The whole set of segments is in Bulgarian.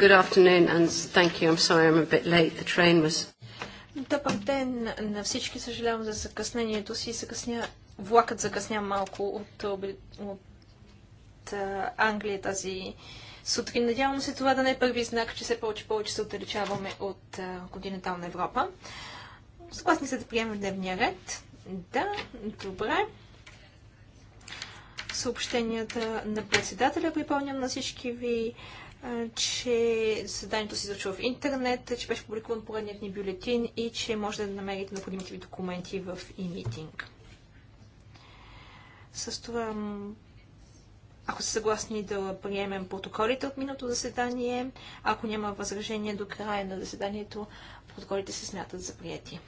Good afternoon and thank you. I'm sorry I'm a bit late. The train was... Добър ден на всички. Съжалявам за закъснението си. Закъсня... Влакът закъсня малко от, от, Англия тази сутрин. Надявам се това да не е първи знак, че все повече повече се отдалечаваме от годината континентална Европа. Съгласни се да приемем дневния ред. Да, добре съобщенията на председателя. Припомням на всички ви че заданието се изучва в интернет, че беше публикуван поредният ни бюлетин и че може да намерите необходимите ви документи в e-meeting. С това, ако са съгласни да приемем протоколите от миналото заседание, ако няма възражение до края на заседанието, протоколите се смятат за прияти.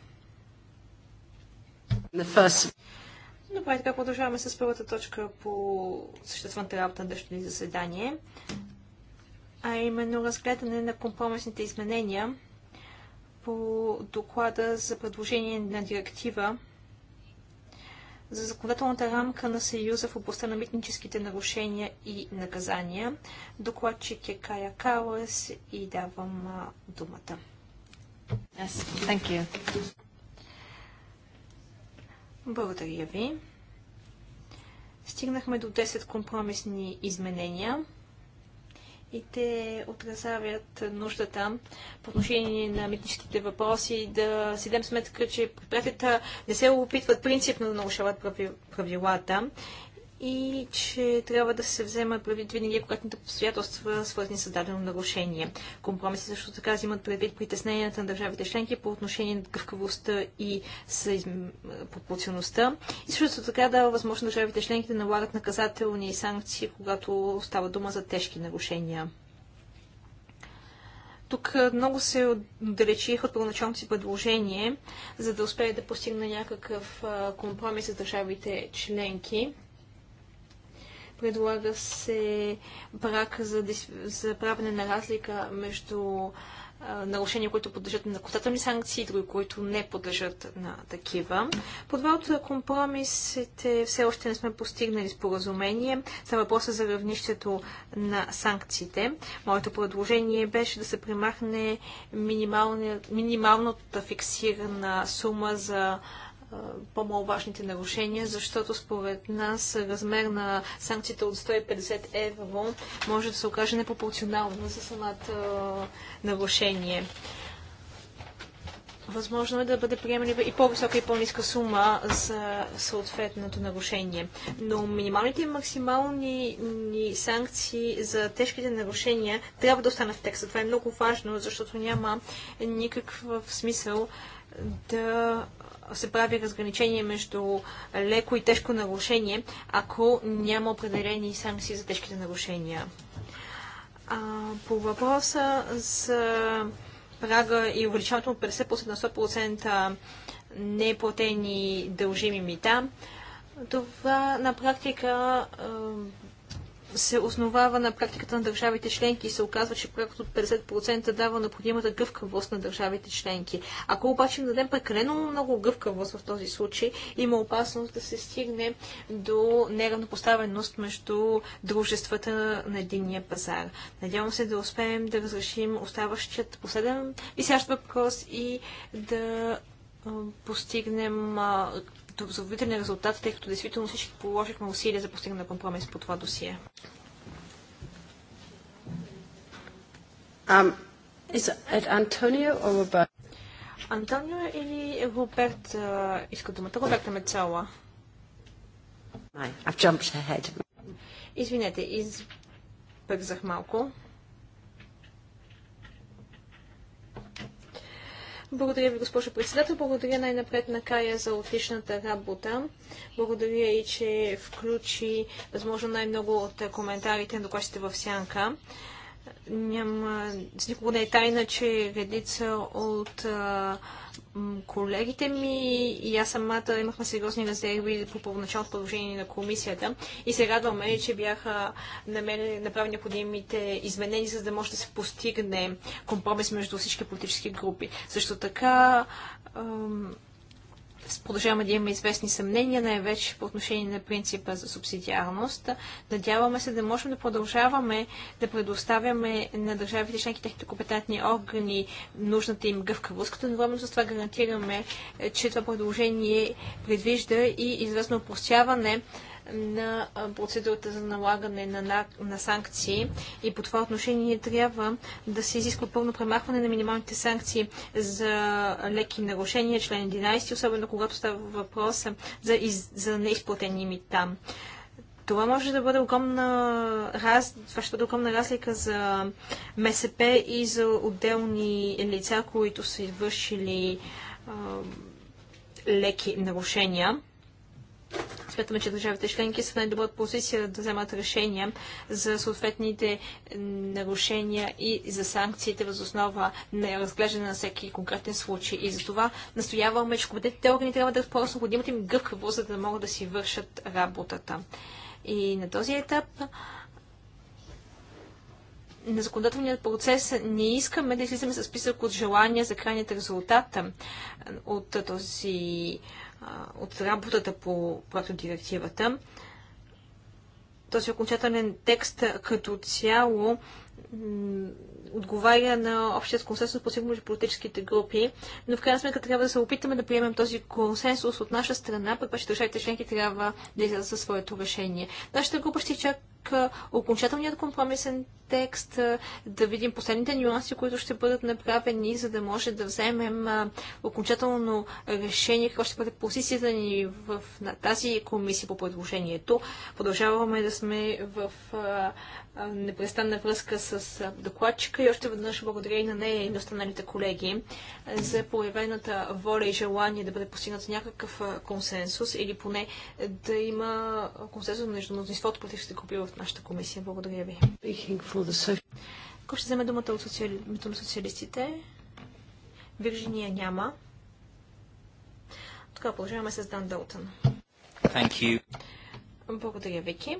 Добре, така продължаваме с първата точка по съществената работа на днешното заседание а именно разгледане на компромисните изменения по доклада за предложение на директива за законодателната рамка на Съюза в областта на митническите нарушения и наказания. Докладчик е Кая Калас и давам думата. Yes, thank you. Благодаря ви. Стигнахме до 10 компромисни изменения и те отразяват нуждата по отношение на митническите въпроси да си дадем сметка, че предприятията не се опитват принципно да нарушават правилата и че трябва да се вземат предвид винаги акуратните обстоятелства, свързани с дадено нарушение. Компромиси също така взимат предвид притесненията на държавите членки по отношение на гъвкавостта и пропорционността. И също така дава възможност държавите членки да налагат наказателни санкции, когато става дума за тежки нарушения. Тук много се отдалечих от първоначалното си предложение, за да успее да постигне някакъв компромис с държавите членки предлага се брак за, за правене на разлика между нарушения, които подлежат на наказателни санкции, други, които не подлежат на такива. По два от компромисите все още не сме постигнали споразумение. Става въпроса за равнището на санкциите. Моето предложение беше да се премахне минималната фиксирана сума за по-маловажните нарушения, защото според нас размер на санкцията от 150 евро може да се окаже непропорционално за самата нарушение. Възможно е да бъде приемлива и по-висока и по-ниска сума за съответното нарушение. Но минималните и максимални санкции за тежките нарушения трябва да останат в текста. Това е много важно, защото няма никакъв смисъл да се прави разграничение между леко и тежко нарушение, ако няма определени санкции за тежките нарушения. А, по въпроса за прага и увеличаването от 50% на 100% неплатени дължими мита, това на практика се основава на практиката на държавите членки и се оказва, че проект от 50% дава необходимата гъвкавост на държавите членки. Ако обаче им дадем прекалено много гъвкавост в този случай, има опасност да се стигне до неравнопоставеност между дружествата на единния пазар. Надявам се да успеем да разрешим оставащият последен висящ въпрос и да постигнем обзавителен резултати, тъй като действително всички положихме усилия за постигане на компромис по това досие. Um, Antonio, Антонио или Роберт иска думата? Роберта Мецала. Извинете, избързах малко. Благодаря ви, госпожо председател. Благодаря най-напред на Кая за отличната работа. Благодаря и, че включи възможно най-много от коментарите на докладите в Сянка. Няма, с никого не е тайна, че редица от а, колегите ми и аз самата имахме сериозни резерви по първоначалното предложение на комисията и се радваме, че бяха намерени, направени необходимите изменения, за да може да се постигне компромис между всички политически групи. Също така а, продължаваме да имаме известни съмнения, най-вече по отношение на принципа за субсидиарност. Надяваме се да можем да продължаваме да предоставяме на държавите членки техните компетентни органи нужната им гъвкавост, като едновременно с това гарантираме, че това предложение предвижда и известно упростяване на процедурата за налагане на, на, на санкции и по това отношение трябва да се изисква пълно премахване на минималните санкции за леки нарушения, член 11, особено когато става въпрос за, из, за неизплатени мита. Това може да бъде огромна, раз... това ще бъде огромна разлика за МСП и за отделни лица, които са извършили а, леки нарушения. Смятаме, че държавите членки са в най-добра позиция да вземат решения за съответните нарушения и за санкциите въз основа на разглеждане на всеки конкретен случай. И затова настояваме, че компетентните органи трябва да разполагат с необходимата им гъвкаво, за да могат да си вършат работата. И на този етап на законодателният процес не искаме да излизаме с списък от желания за крайният резултат от този от работата по директивата. Този окончателен текст като цяло отговаря на общия консенсус по между политическите групи, но в крайна сметка трябва да се опитаме да приемем този консенсус от наша страна, пък вече държавите членки трябва да излязат със своето решение. Нашата група ще, чак, окончателният компромисен текст, да видим последните нюанси, които ще бъдат направени, за да може да вземем окончателно решение, какво ще бъде позицията ни в, на тази комисия по предложението. Продължаваме да сме в непрестанна връзка с докладчика и още веднъж благодаря и на нея и на останалите колеги за появената воля и желание да бъде постигнат някакъв консенсус или поне да има консенсус между мнозинството ще купи в в нашата комисия. Благодаря ви. Кой ще вземе думата от социали... социалистите? Вирджиния няма. Така продължаваме с Дан Далтън. Благодаря, Вики.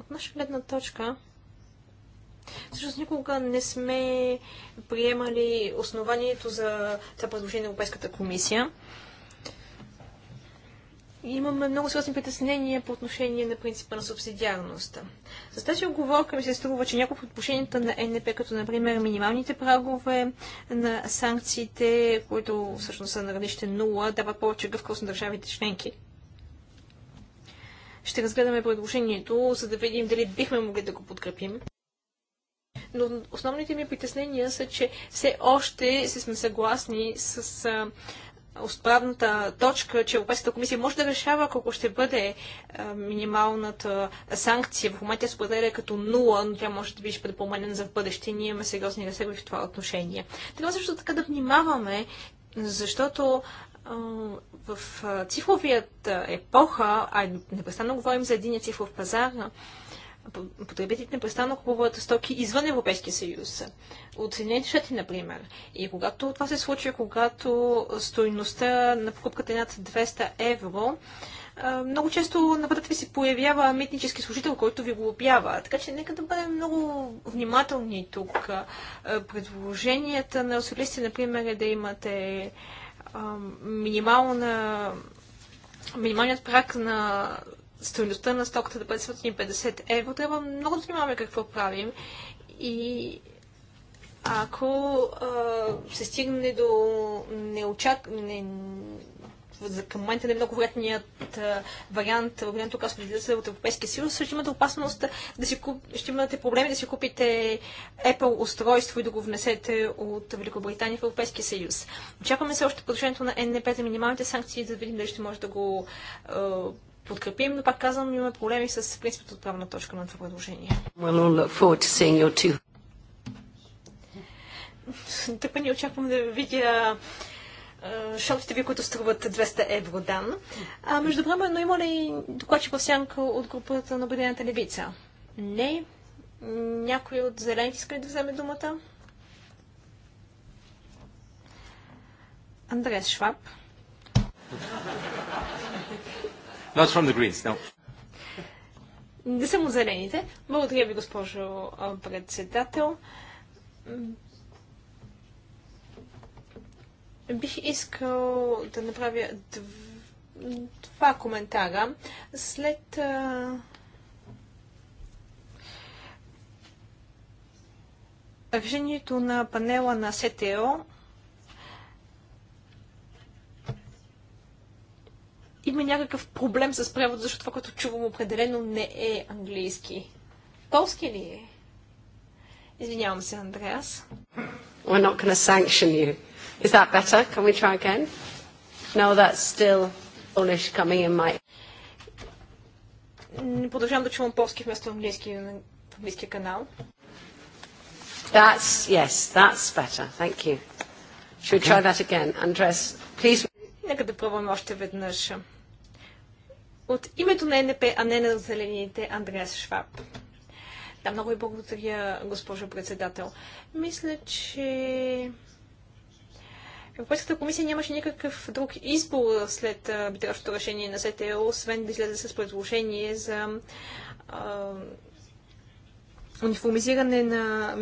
От наша гледна точка, Всъщност никога не сме приемали основанието за това предложение на Европейската комисия имаме много сериозни притеснения по отношение на принципа на субсидиарността. С тази оговорка ми се струва, че някои от отношенията на НП, като например минималните прагове на санкциите, които всъщност са на равнище 0, дават повече гъвкавост на държавите членки. Ще разгледаме предложението, за да видим дали бихме могли да го подкрепим. Но основните ми притеснения са, че все още се сме съгласни с отправната точка, че Европейската комисия може да решава колко ще бъде е, минималната санкция. В момента се определя като нула, но тя може да бъде променена за в бъдеще. Ние имаме сериозни резерви в това отношение. Трябва също така да внимаваме, защото е, в е, цифровият епоха, а непрестанно говорим за един цифров пазар, потребителите непрестанно купуват стоки извън Европейския съюз, от Съединените щати, например. И когато това се случи, когато стоиността на покупката е над 200 евро, много често на пътят ви се появява митнически служител, който ви го обява. Така че нека да бъдем много внимателни тук. Предложенията на солисти, например, е да имате минимална минималният прак на стоеността на стоката да бъде 750 евро, трябва много да внимаваме какво правим и ако а, се стигне до неочак... Не, за към момента не е много вероятният вариант, вариант тук да от Европейския съюз, ще имате опасност да си куп... ще имате проблеми да си купите Apple устройство и да го внесете от Великобритания в Европейския съюз. Очакваме се още продължението на НДП за минималните санкции, за да видим дали ще може да го подкрепим, но пак казвам, имаме проблеми с от отправна точка на това предложение. ни очаквам да видя шопите ви, които струват 200 евро дан. А между времено има ли докладчик в сянка от групата на Бъдената левица? Не. Някой от зелените иска да вземе думата? Андрес Шваб. Not from the Greens, no. Не съм от зелените. Благодаря ви, госпожо председател. Бих искал да направя два коментара. След решението на панела на СТО има някакъв проблем с превод, защото това, което чувам определено не е английски. Полски ли е? Извинявам се, Андреас. We're not going to sanction you. Is that better? Can we try again? No, that's still Polish coming in my... Не Продължавам да чувам полски вместо английски на английския канал. That's, yes, that's better. Thank you. Should we try that again? Andreas? please... Нека да пробваме още веднъж. От името на НП, а не на зелените, Андреас Шваб. Да, много ви благодаря, госпожо председател. Мисля, че Европейската комисия нямаше никакъв друг избор след битрашното решение на СТО, освен да излезе с предложение за а, униформизиране на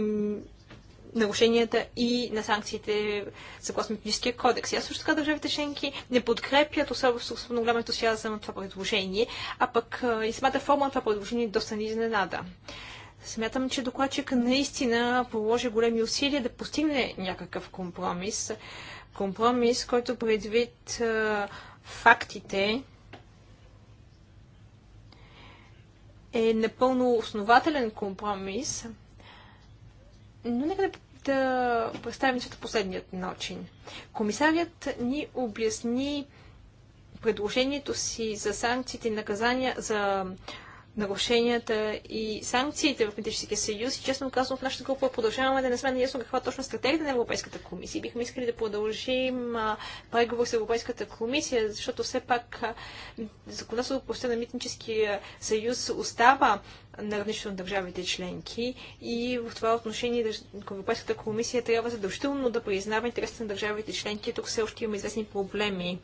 нарушенията и на санкциите съгласно Етническия кодекс. И аз също така държавите членки не подкрепят особено голям ентусиазъм на това предложение, а пък и самата форма на това предложение е доста ни изненада. Смятам, че докладчик наистина положи големи усилия да постигне някакъв компромис. Компромис, който предвид фактите е напълно основателен компромис. Но нека да да представим нещата последният начин. Комисарият ни обясни предложението си за санкциите и наказания за нарушенията и санкциите в Медическия съюз. И честно казвам, в нашата група продължаваме да не сме наясно каква точно е стратегията на Европейската комисия. Бихме искали да продължим преговор с Европейската комисия, защото все пак законодателството на Митническия съюз остава на равнището на държавите членки и в това отношение Европейската комисия трябва задължително да признава интересите на държавите членки. Тук все още има известни проблеми.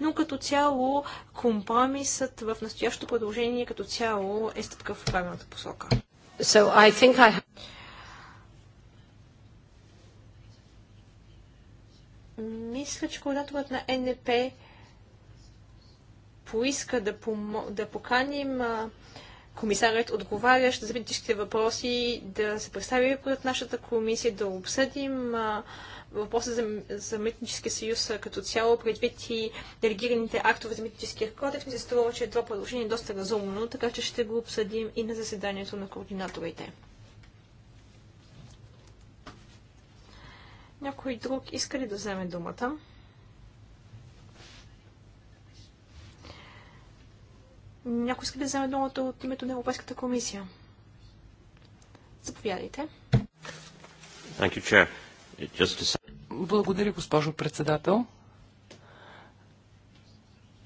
Но като цяло компромисът в настоящото предложение като цяло е стъпка в правилната посока. So I think I... Мисля, че координаторът на НП поиска да, помо... да поканим а, комисарят отговарящ за политическите въпроси да се представи пред нашата комисия, да обсъдим въпроса за, за митническия съюз като цяло, предвид и делегираните актове за митническия кодекс, ми се струва, че това предложение е доста разумно, така че ще го обсъдим и на заседанието на координаторите. Някой друг иска ли да вземе думата? Някой иска да вземе думата от името на Европейската комисия. Заповядайте. Благодаря, госпожо председател.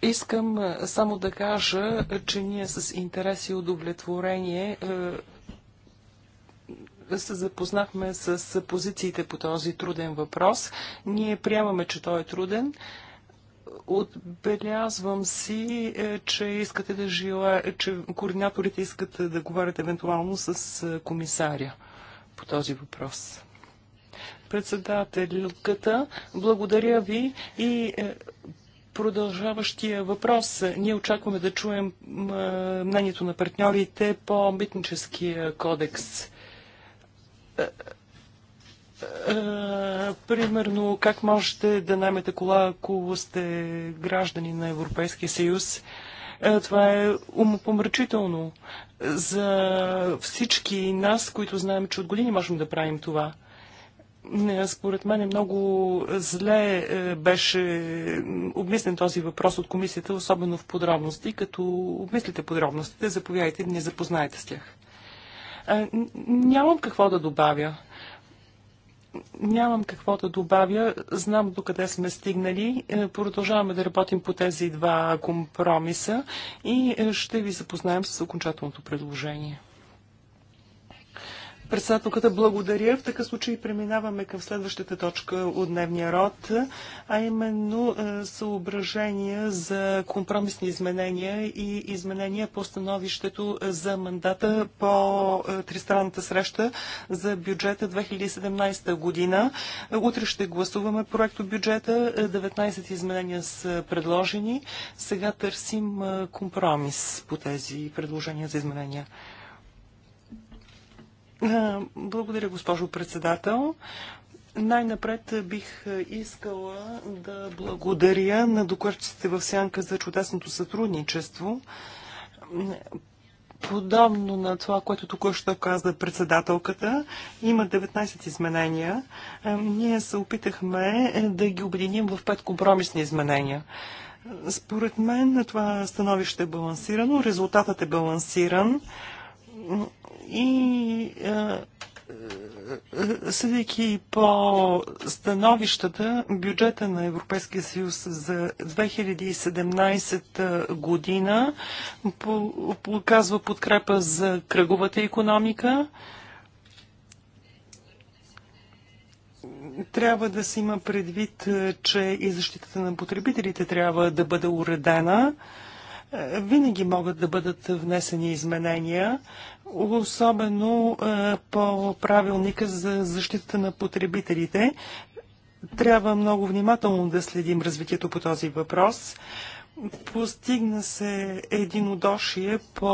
Искам само да кажа, че ние с интерес и удовлетворение се запознахме с позициите по този труден въпрос. Ние приемаме, че той е труден. Отбелязвам си, е, че искате да жела, е, че координаторите искат да говорят евентуално с е, комисаря по този въпрос. Председателката, благодаря ви и продължаващия въпрос. Ние очакваме да чуем мнението на партньорите по митническия кодекс. Е, примерно, как можете да наймете кола, ако сте граждани на Европейския съюз? Е, това е умопомрачително за всички нас, които знаем, че от години можем да правим това. Според мен е много зле беше обмислен този въпрос от комисията, особено в подробности. Като обмислите подробностите, заповядайте да не запознаете с тях. Нямам какво да добавя. Нямам какво да добавя. Знам до къде сме стигнали. Е, продължаваме да работим по тези два компромиса и е, ще ви запознаем с окончателното предложение. Председателката благодаря. В такъв случай преминаваме към следващата точка от дневния род, а именно е, съображения за компромисни изменения и изменения по становището за мандата по е, тристранната среща за бюджета 2017 година. Утре ще гласуваме Проект от бюджета. 19 е, изменения са предложени. Сега търсим компромис по тези предложения за изменения. Благодаря, госпожо председател. Най-напред бих искала да благодаря на докладчиците в Сянка за чудесното сътрудничество. Подобно на това, което току-що каза председателката, има 19 изменения. Е, ние се опитахме е, да ги обединим в 5 компромисни изменения. Според мен това становище е балансирано, резултатът е балансиран и съдейки по становищата, бюджета на Европейския съюз за 2017 година показва подкрепа за кръговата економика. Трябва да се има предвид, че и защитата на потребителите трябва да бъде уредена. Винаги могат да бъдат внесени изменения особено е, по правилника за защита на потребителите. Трябва много внимателно да следим развитието по този въпрос. Постигна се един удошие по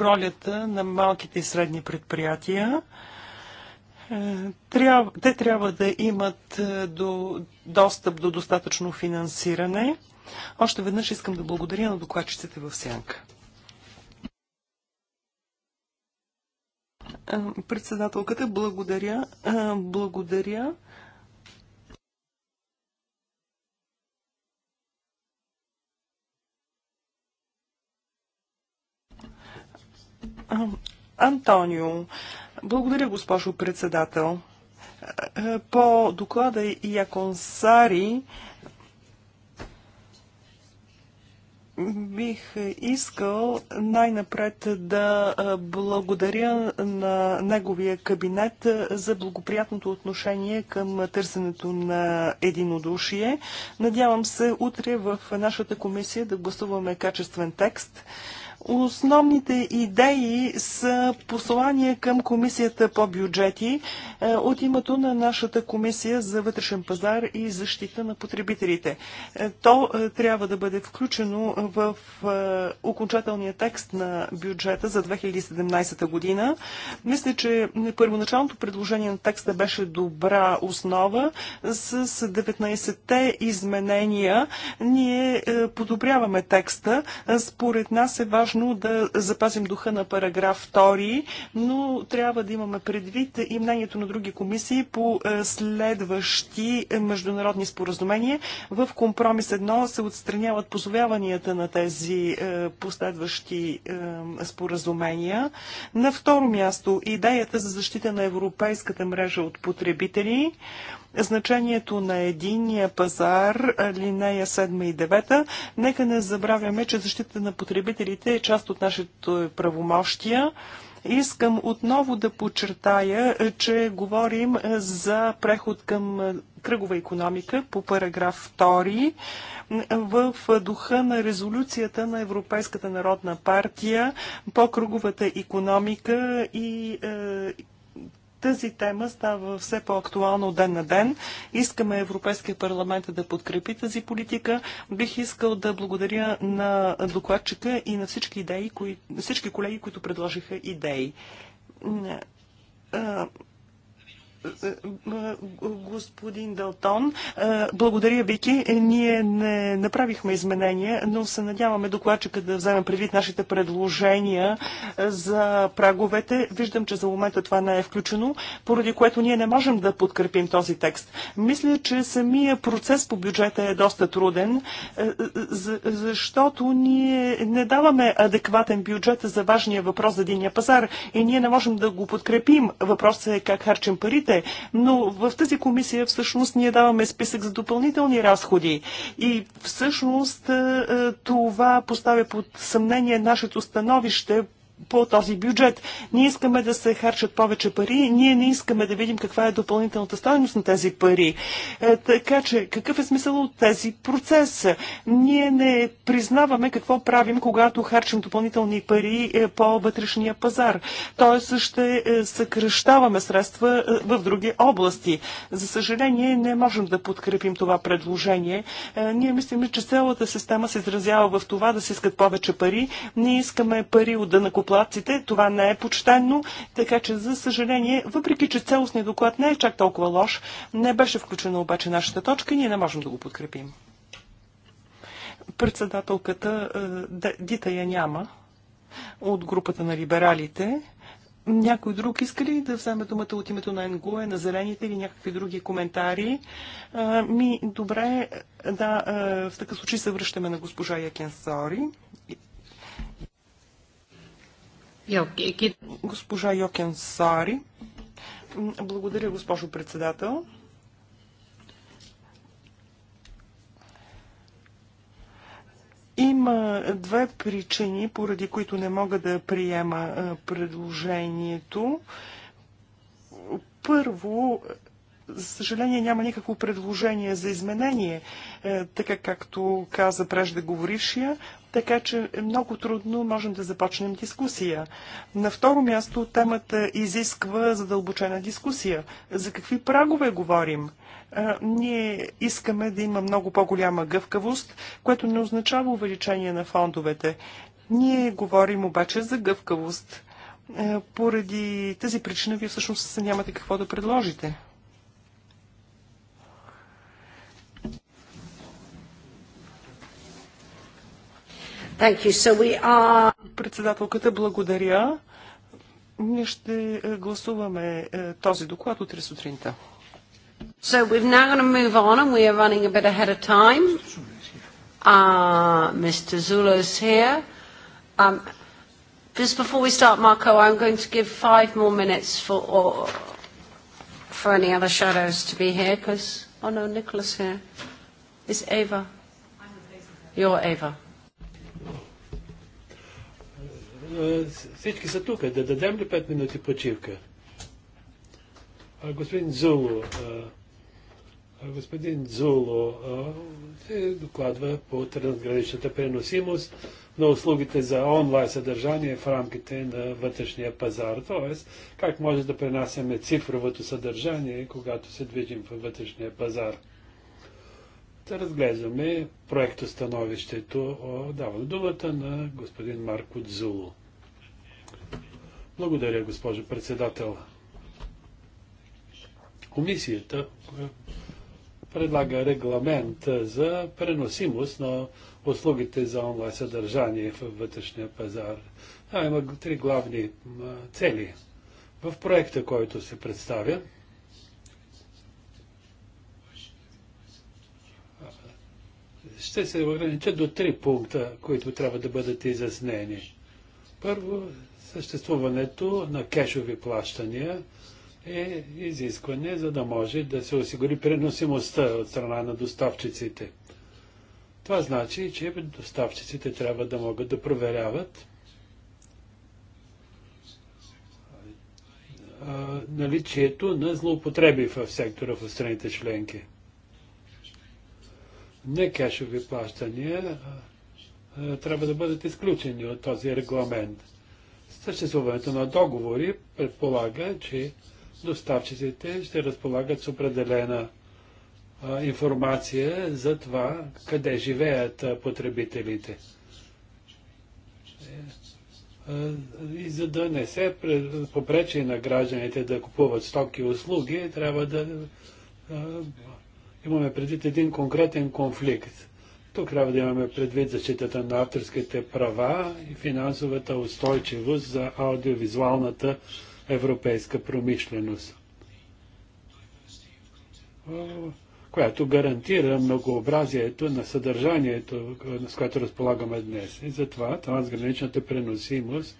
ролята на малките и средни предприятия. Е, трябва, те трябва да имат е, до, достъп до достатъчно финансиране. Още веднъж искам да благодаря на докладчиците в Сянка. Председателката, благодаря. Благодаря. Антонио, благодаря, госпожо председател. По доклада Яконсари Бих искал най-напред да благодаря на неговия кабинет за благоприятното отношение към търсенето на единодушие. Надявам се утре в нашата комисия да гласуваме качествен текст. Основните идеи са послания към Комисията по бюджети е, от името на нашата Комисия за вътрешен пазар и защита на потребителите. Е, то е, трябва да бъде включено в окончателния текст на бюджета за 2017 година. Мисля, че първоначалното предложение на текста беше добра основа. С 19-те изменения ние подобряваме текста. Според нас е важно важно да запазим духа на параграф 2, но трябва да имаме предвид и мнението на други комисии по е, следващи международни споразумения. В компромис 1 се отстраняват позовяванията на тези е, последващи е, споразумения. На второ място идеята за защита на европейската мрежа от потребители значението на единния пазар, линея 7 и 9. Нека не забравяме, че защита на потребителите е част от нашите правомощия. Искам отново да подчертая, че говорим за преход към кръгова економика по параграф 2 в духа на резолюцията на Европейската народна партия по кръговата економика и е, тази тема става все по-актуална от ден на ден. Искаме Европейския парламент да подкрепи тази политика. Бих искал да благодаря на докладчика и на всички идеи, кои, всички колеги, които предложиха идеи. Господин Далтон, благодаря Вики. Ние не направихме изменения, но се надяваме докладчика да вземе предвид нашите предложения за праговете. Виждам, че за момента това не е включено, поради което ние не можем да подкрепим този текст. Мисля, че самия процес по бюджета е доста труден, защото ние не даваме адекватен бюджет за важния въпрос за единия пазар и ние не можем да го подкрепим. Въпросът е как харчим парите разходите, но в тази комисия всъщност ние даваме списък за допълнителни разходи. И всъщност е, е, това поставя под съмнение нашето становище по този бюджет. Ние искаме да се харчат повече пари, ние не искаме да видим каква е допълнителната стоеност на тези пари. Е, така че, какъв е смисъл от тези процес? Ние не признаваме какво правим, когато харчим допълнителни пари е, по вътрешния пазар. Тоест ще е, съкръщаваме средства е, в други области. За съжаление, не можем да подкрепим това предложение. Е, ние мислим, че цялата система се изразява в това да се искат повече пари. Ние искаме пари от да накупим дънакоплаците. Това не е почтенно, така че за съжаление, въпреки че целостният доклад не е чак толкова лош, не беше включена обаче нашата точка и ние не можем да го подкрепим. Председателката е, Дита я няма от групата на либералите. Някой друг иска ли да вземе думата от името на НГУЕ, на зелените или някакви други коментари? А, е, ми, добре, е, да, а, в такъв случай се връщаме на госпожа Якенсори. Госпожа Йокен Сари. Благодаря, госпожо председател. Има две причини, поради които не мога да приема предложението. Първо, за съжаление няма никакво предложение за изменение, е, така както каза преждеговорившия, така че е много трудно можем да започнем дискусия. На второ място темата изисква задълбочена дискусия. За какви прагове говорим? Е, ние искаме да има много по-голяма гъвкавост, което не означава увеличение на фондовете. Ние говорим обаче за гъвкавост. Е, поради тази причина вие всъщност нямате какво да предложите. So we Председателката, благодаря. Ние ще гласуваме този доклад утре сутринта. So we're now going to move on and we are running a bit ahead of time. Uh, Mr. is here. Um, just before we start, Marco, I'm going to give five more minutes for or, for any other shadows to be here, because oh no, Nicholas here. Is Ava? I'm Ava. You're Ava всички са тук. Да дадем ли 5 минути почивка? Господин Зулу, господин Зулу се докладва по трансграничната преносимост на услугите за онлайн съдържание в рамките на вътрешния пазар. Тоест, как може да пренасяме цифровото съдържание, когато се движим във вътрешния пазар. Да разглеждаме проектостановището о даване думата на господин Марко Дзулу. Благодаря, госпожо председател. Комисията е, предлага регламент е, за преносимост на услугите за онлайн съдържание в вътрешния пазар. А, има три главни цели. В проекта, който се представя, ще се ограничат до три пункта, които трябва да бъдат изяснени. Първо, съществуването на кешови плащания е изискване, за да може да се осигури преносимостта от страна на доставчиците. Това значи, че доставчиците трябва да могат да проверяват наличието на злоупотреби в сектора в страните членки. Не кешови плащания трябва да бъдат изключени от този регламент. Съществуването на договори предполага, че доставчиците ще разполагат с определена а, информация за това къде живеят потребителите. Е, и за да не се попречи на гражданите да купуват стоки и услуги, трябва да имаме предвид един конкретен конфликт. Тук трябва да имаме предвид защитата на авторските права и финансовата устойчивост за аудиовизуалната европейска промишленост, която гарантира многообразието на съдържанието, с което разполагаме днес. И затова трансграничната преносимост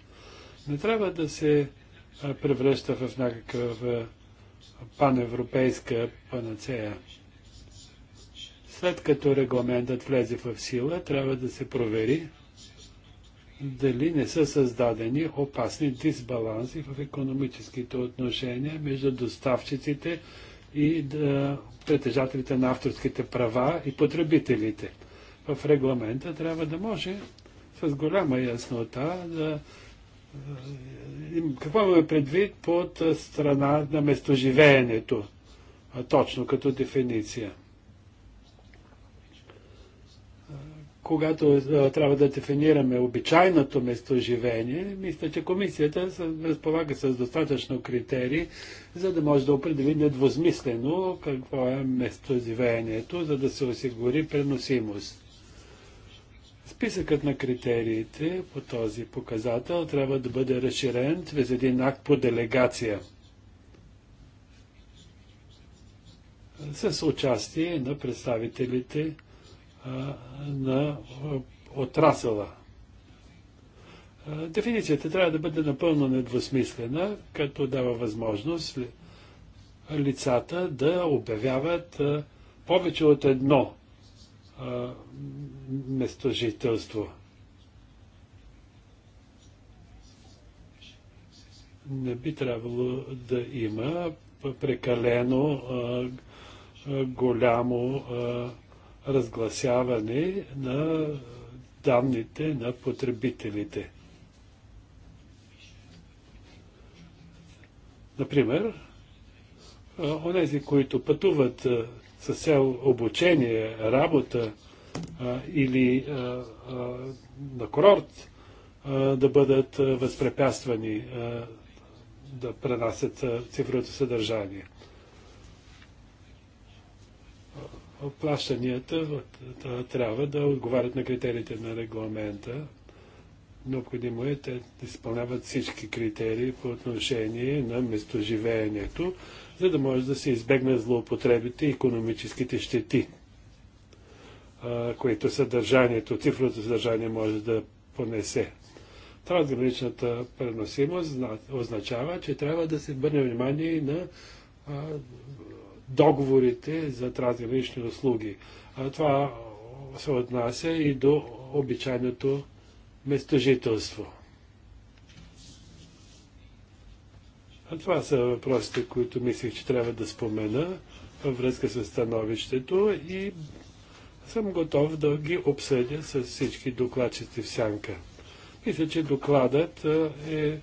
не трябва да се превръща в някакъв паневропейска панацея. След като регламентът влезе в сила, трябва да се провери дали не са създадени опасни дисбаланси в економическите отношения между доставчиците и да, притежателите на авторските права и потребителите. В регламента трябва да може с голяма яснота да какво имаме предвид под страна на местоживеенето, точно като дефиниция. когато трябва да дефинираме обичайното местоживение, мисля, че комисията разполага с достатъчно критерии, за да може да определи недвозмислено какво е местоживението, за да се осигури преносимост. Списъкът на критериите по този показател трябва да бъде разширен чрез един акт по делегация с участие на представителите на отрасъла. Дефиницията трябва да бъде напълно недвусмислена, като дава възможност лицата да обявяват повече от едно местожителство. Не би трябвало да има прекалено голямо разгласяване на данните на потребителите. Например, онези, които пътуват с цел обучение, работа или на курорт, да бъдат възпрепятствани да пренасят цифровото съдържание. плащанията трябва да отговарят на критериите на регламента. Необходимо е те да изпълняват всички критерии по отношение на местоживеенето, за да може да се избегнат злоупотребите и економическите щети, които съдържанието, цифровото съдържание може да понесе. Трансграничната преносимост означава, че трябва да се обърне внимание и на договорите за трансгранични услуги. А това се отнася и до обичайното местожителство. А това са въпросите, които мислих, че трябва да спомена във връзка с становището и съм готов да ги обсъдя с всички докладчици в сянка. Мисля, че докладът е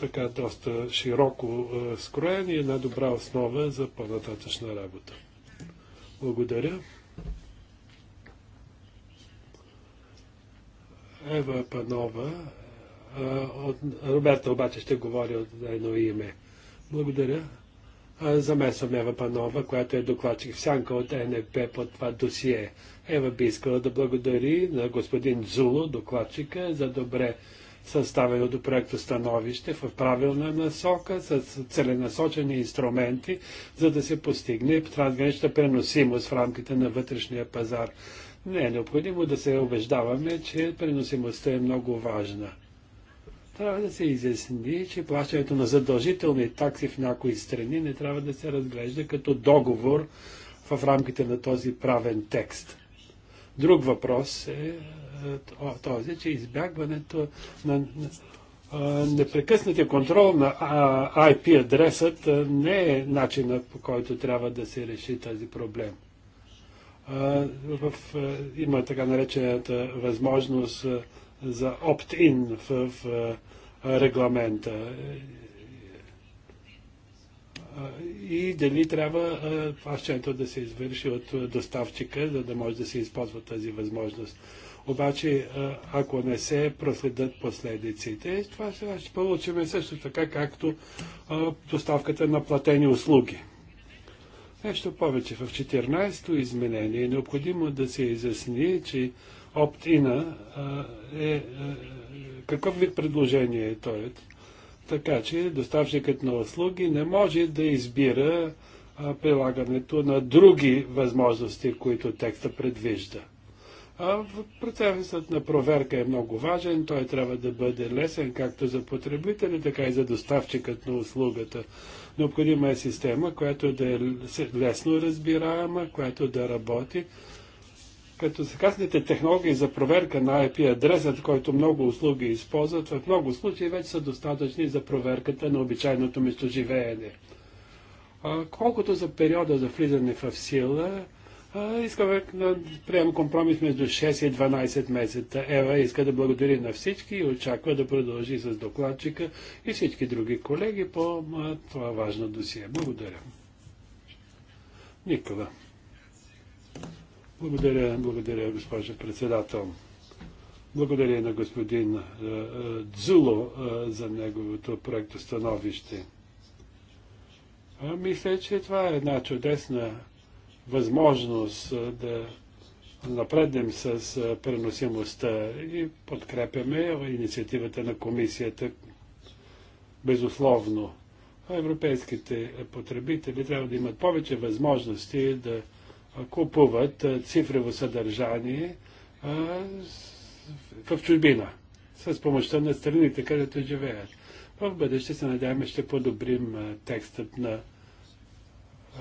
така доста широко скроен и една добра основа за по-нататъчна работа. Благодаря. Ева Панова. От... Роберта обаче ще говори от едно име. Благодаря. Замесвам Ева Панова, която е докладчик в сянка от НП по това досие. Ева би искала да благодари на господин Зуло, докладчика, за добре до проекто становище в правилна насока, с целенасочени инструменти, за да се постигне трансгранична преносимост в рамките на вътрешния пазар. Не е необходимо да се убеждаваме, че преносимостта е много важна. Трябва да се изясни, че плащането на задължителни такси в някои страни не трябва да се разглежда като договор в рамките на този правен текст. Друг въпрос е този, че избягването на непрекъснатия контрол на IP адресът не е начина по който трябва да се реши този проблем. В, има така наречената възможност за опт-ин в, в регламента. И дали трябва плащането да се извърши от доставчика, за да може да се използва тази възможност. Обаче, ако не се проследят последиците, това сега ще получим също така, както доставката на платени услуги. Нещо повече. В 14-то изменение е необходимо да се изясни, че оптина е, какъв вид предложение е той. Така че доставчикът на услуги не може да избира прилагането на други възможности, които текста предвижда. Процесът на проверка е много важен. Той трябва да бъде лесен както за потребителя, така и за доставчикът на услугата. Необходима е система, която да е лесно разбираема, която да работи. Като сегашните технологии за проверка на IP адресът, който много услуги използват, в много случаи вече са достатъчни за проверката на обичайното местоживеене. Колкото за периода за влизане в сила, Искаме да приемем компромис между 6 и 12 месеца. Ева иска да благодари на всички и очаква да продължи с докладчика и всички други колеги по това важно досие. Благодаря. Никола. Благодаря, благодаря, госпожа председател. Благодаря на господин Дзуло за неговото проекто становище. Мисля, че това е една чудесна възможност да напреднем с преносимостта и подкрепяме инициативата на комисията безусловно. А Европейските потребители трябва да имат повече възможности да купуват цифрово съдържание в чужбина с помощта на страните, където живеят. В бъдеще се надяваме ще подобрим текстът на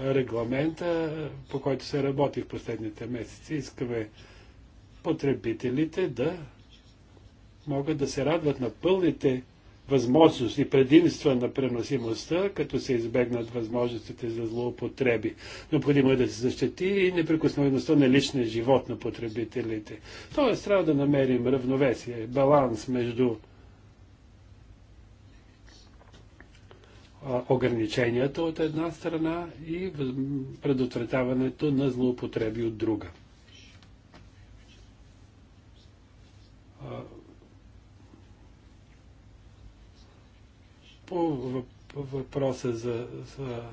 регламента, по който се работи в последните месеци. Искаме потребителите да могат да се радват на пълните възможности, предимства на преносимостта, като се избегнат възможностите за злоупотреби. Необходимо е да се защити и неприкосновеността на личния живот на потребителите. Тоест трябва да намерим равновесие, баланс между ограниченията от една страна и предотвратяването на злоупотреби от друга. По въпроса за, за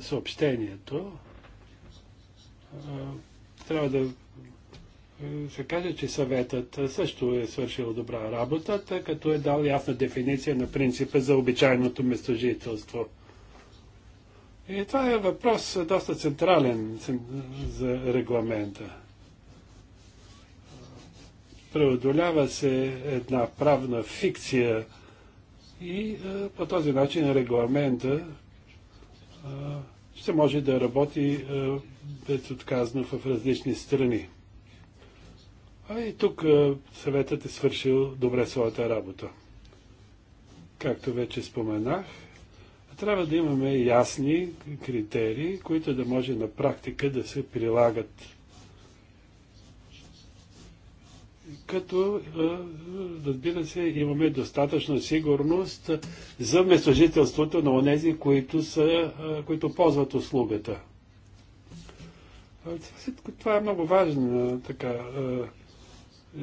съобщението, трябва да се каже, че съветът също е свършил добра работа, тъй като е дал ясна дефиниция на принципа за обичайното местожителство. И това е въпрос е доста централен за регламента. Преодолява се една правна фикция и е, по този начин регламента е, ще може да работи безотказно в различни страни. А и тук съветът е свършил добре своята работа. Както вече споменах, трябва да имаме ясни критерии, които да може на практика да се прилагат. Като, разбира се, имаме достатъчно сигурност за местожителството на онези, които, са, които ползват услугата. Това е много важно. така,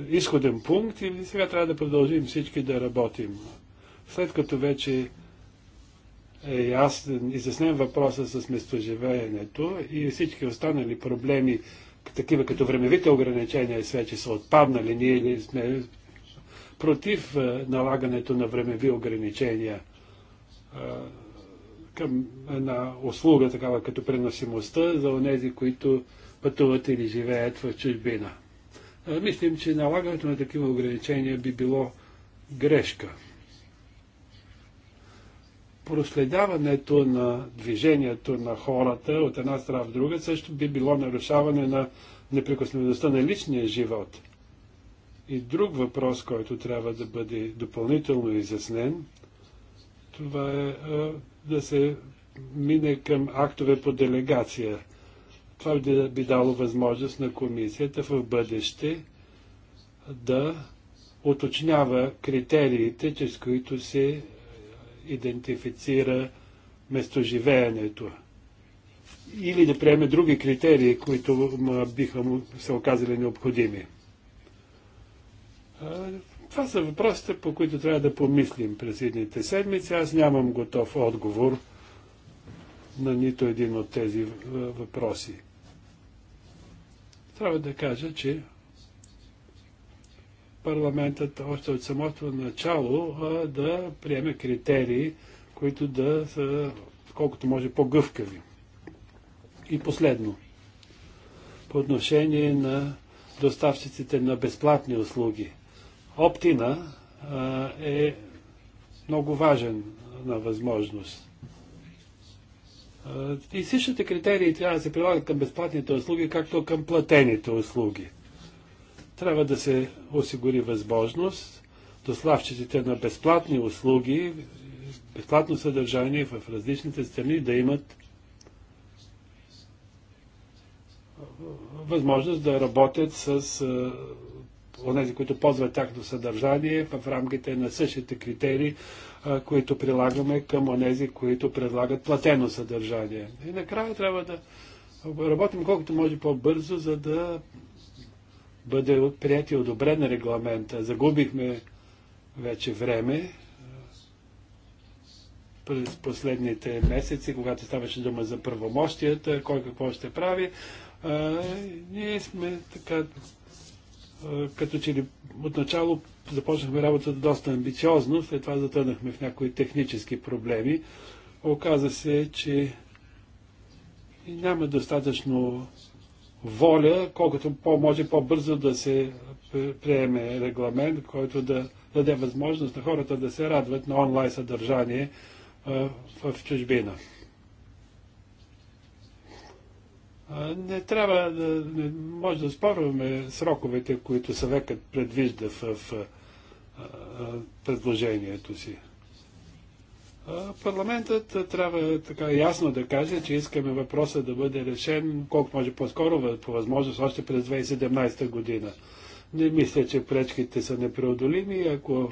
изходен пункт и сега трябва да продължим всички да работим. След като вече е ясен, изяснен въпроса с местоживеенето и всички останали проблеми, такива като времевите ограничения, вече са отпаднали. Ние сме против налагането на времеви ограничения към една услуга, такава като преносимостта за онези, които пътуват или живеят в чужбина. Мислим, че налагането на такива ограничения би било грешка. Проследяването на движението на хората от една страна в друга също би било нарушаване на неприкосновеността на личния живот. И друг въпрос, който трябва да бъде допълнително изяснен, това е да се мине към актове по делегация – това би дало възможност на комисията в бъдеще да уточнява критериите, чрез които се идентифицира местоживеенето. Или да приеме други критерии, които биха му се оказали необходими. Това са въпросите, по които трябва да помислим през едните седмици. Аз нямам готов отговор на нито един от тези въпроси. Трябва да кажа, че парламентът още от самото начало да приеме критерии, които да са колкото може по-гъвкави. И последно, по отношение на доставчиците на безплатни услуги. Оптина е много важен на възможност. И същите критерии трябва да се прилагат към безплатните услуги, както към платените услуги. Трябва да се осигури възможност доставчиците на безплатни услуги, безплатно съдържание в различните страни да имат възможност да работят с онези, които ползват тяхно съдържание в рамките на същите критерии, които прилагаме към онези, които предлагат платено съдържание. И накрая трябва да работим колкото може по-бързо, за да бъде прият и одобрен регламента. Загубихме вече време през последните месеци, когато ставаше дума за правомощията, кой какво ще прави. ние сме така, като че ли отначало започнахме работата доста амбициозно, след това затънахме в някои технически проблеми. Оказа се, че няма достатъчно воля, колкото по-може по-бързо да се приеме регламент, който да даде възможност на хората да се радват на онлайн съдържание в чужбина. не трябва да, не може да спорваме сроковете, които съвекът предвижда в, в предложението си. Парламентът трябва така ясно да каже, че искаме въпроса да бъде решен колко може по-скоро, по възможност още през 2017 година. Не мисля, че пречките са непреодолими. Ако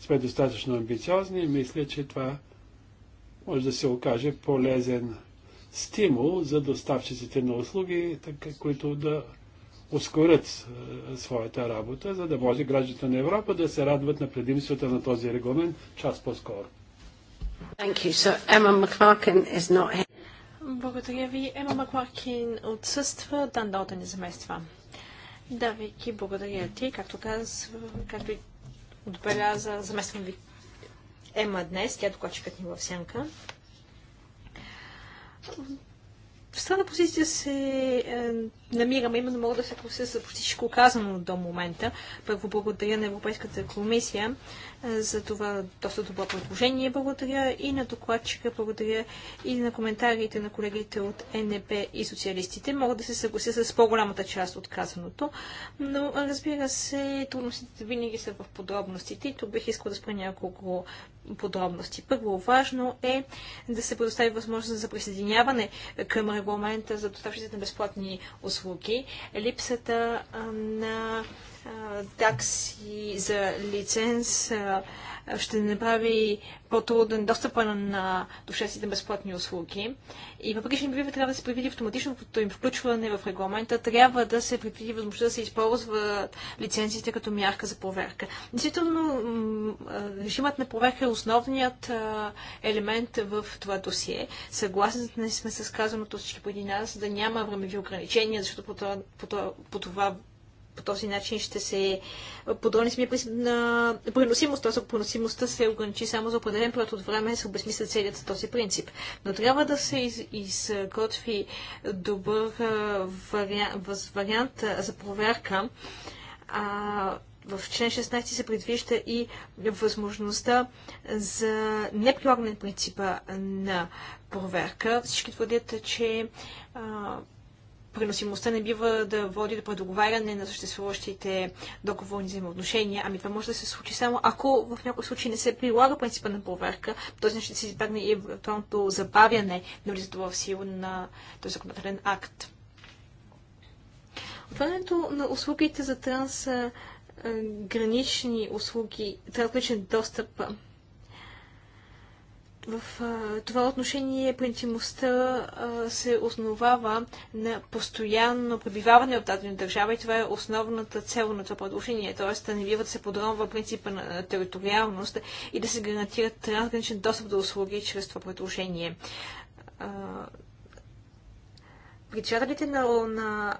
сме достатъчно амбициозни, мисля, че това може да се окаже полезен стимул за доставчиците на услуги, така, които да ускорят своята работа, за да може гражданите на Европа да се радват на предимствата на този регламент час по-скоро. Благодаря ви. Ема Макларкин отсъства, Дан Далта не замества. Да, Вики, благодаря ти. Както каза, както отбеляза, замествам ви Ема днес, тя е докладчикът ни в сянка. В странна позиция се е, намираме, именно мога да се прося за всичко казано до момента. Първо благодаря на Европейската комисия е, за това доста добро предложение. Благодаря и на докладчика, благодаря и на коментарите на колегите от НП и социалистите. Мога да се съглася с по-голямата част от казаното, но разбира се, трудностите винаги са в подробностите и тук бих искал да спра няколко подробности. Първо важно е да се предостави възможност за присъединяване към регламента за доставчиците на безплатни услуги. Липсата на такси за лиценз ще направи по-труден достъпа на душевците безплатни услуги. И въпреки, че не трябва да се предвиди автоматичното им включване в регламента, трябва да се предвиди възможността да се използва лицензиите като мярка за проверка. Действително, режимът на проверка е основният елемент в това досие. Съгласни сме с казаното всички преди нас да няма времеви ограничения, защото по това, по това, по това по този начин ще се подрони сме на преносимост, т.е. ако преносимостта се ограничи само за определен период от време, се обесмисля целият този принцип. Но трябва да се из, изготви добър вариант, вариант за проверка. А, в член 16 се предвижда и възможността за неприлагане принципа на проверка. Всички твърдят, че а, преносимостта не бива да води до предоговаряне на съществуващите договорни взаимоотношения. Ами това може да се случи само ако в някои случай не се прилага принципа на проверка, т.е. ще се избегне и евентуалното забавяне на влизането в сила на този законодателен акт. Отварянето на услугите за трансгранични услуги, трансграничен достъп в това отношение принцимността се основава на постоянно пребиваване от тази държава и това е основната цел на това предложение, т.е. да не биват да се подронва принципа на териториалност и да се гарантира трансграничен достъп до услуги чрез това предложение. Притежателите на, на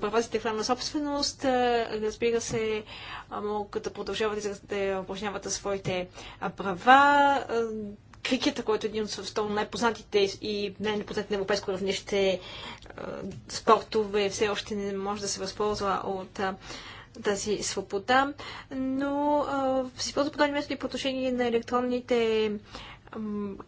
права за на собственост, разбира се, могат да продължават да упражняват своите права. Крикета, който е един от стол най-познатите и най-непознатите на европейско равнище спортове, все още не може да се възползва от тази свобода, но си използва подобни методи по отношение на електронните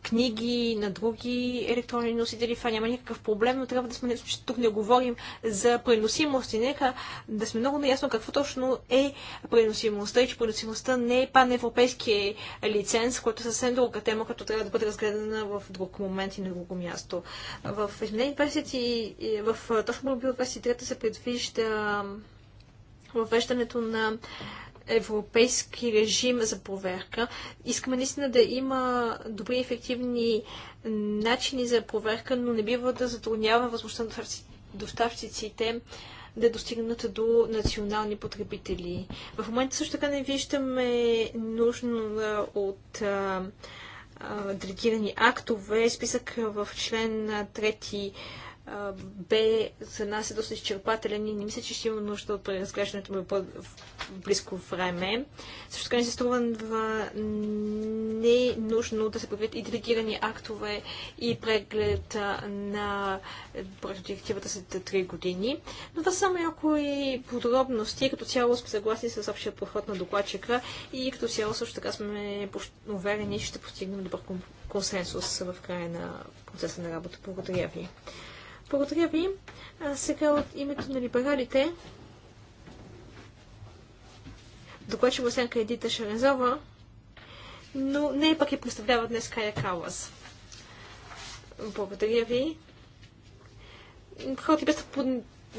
книги, на други електронни носители. Това няма никакъв проблем, но трябва да сме, че тук не говорим за преносимост и нека да сме много наясно какво точно е преносимостта и че преносимостта не е паневропейски лиценз, който е съвсем друга тема, като трябва да бъде разгледана в друг момент и на друго място. В изменени 20 и е, в точно 23 се предвижда въвеждането на европейски режим за проверка. Искаме наистина да има добри ефективни начини за проверка, но не бива да затруднява възможността на доставчиците да достигнат до национални потребители. В момента също така не виждаме нужно от а, а, делегирани актове. Списък в член 3 бе за нас е доста изчерпателен и не мисля, че ще има нужда от преразглеждането му в близко време. Също така не се струва не е нужно да се подвият и делегирани актове и преглед на директивата след 3 години. Но това само някои подробности. Като цяло сме съгласни с общия подход на докладчика и като цяло също така сме уверени, че ще постигнем добър консенсус в края на процеса на работа. Благодаря ви. Благодаря ви. А сега от името на либералите. докладчива сенка Едита Шерезова, но не пък я представлява днес Кая Калас. Благодаря ви. Хората бяха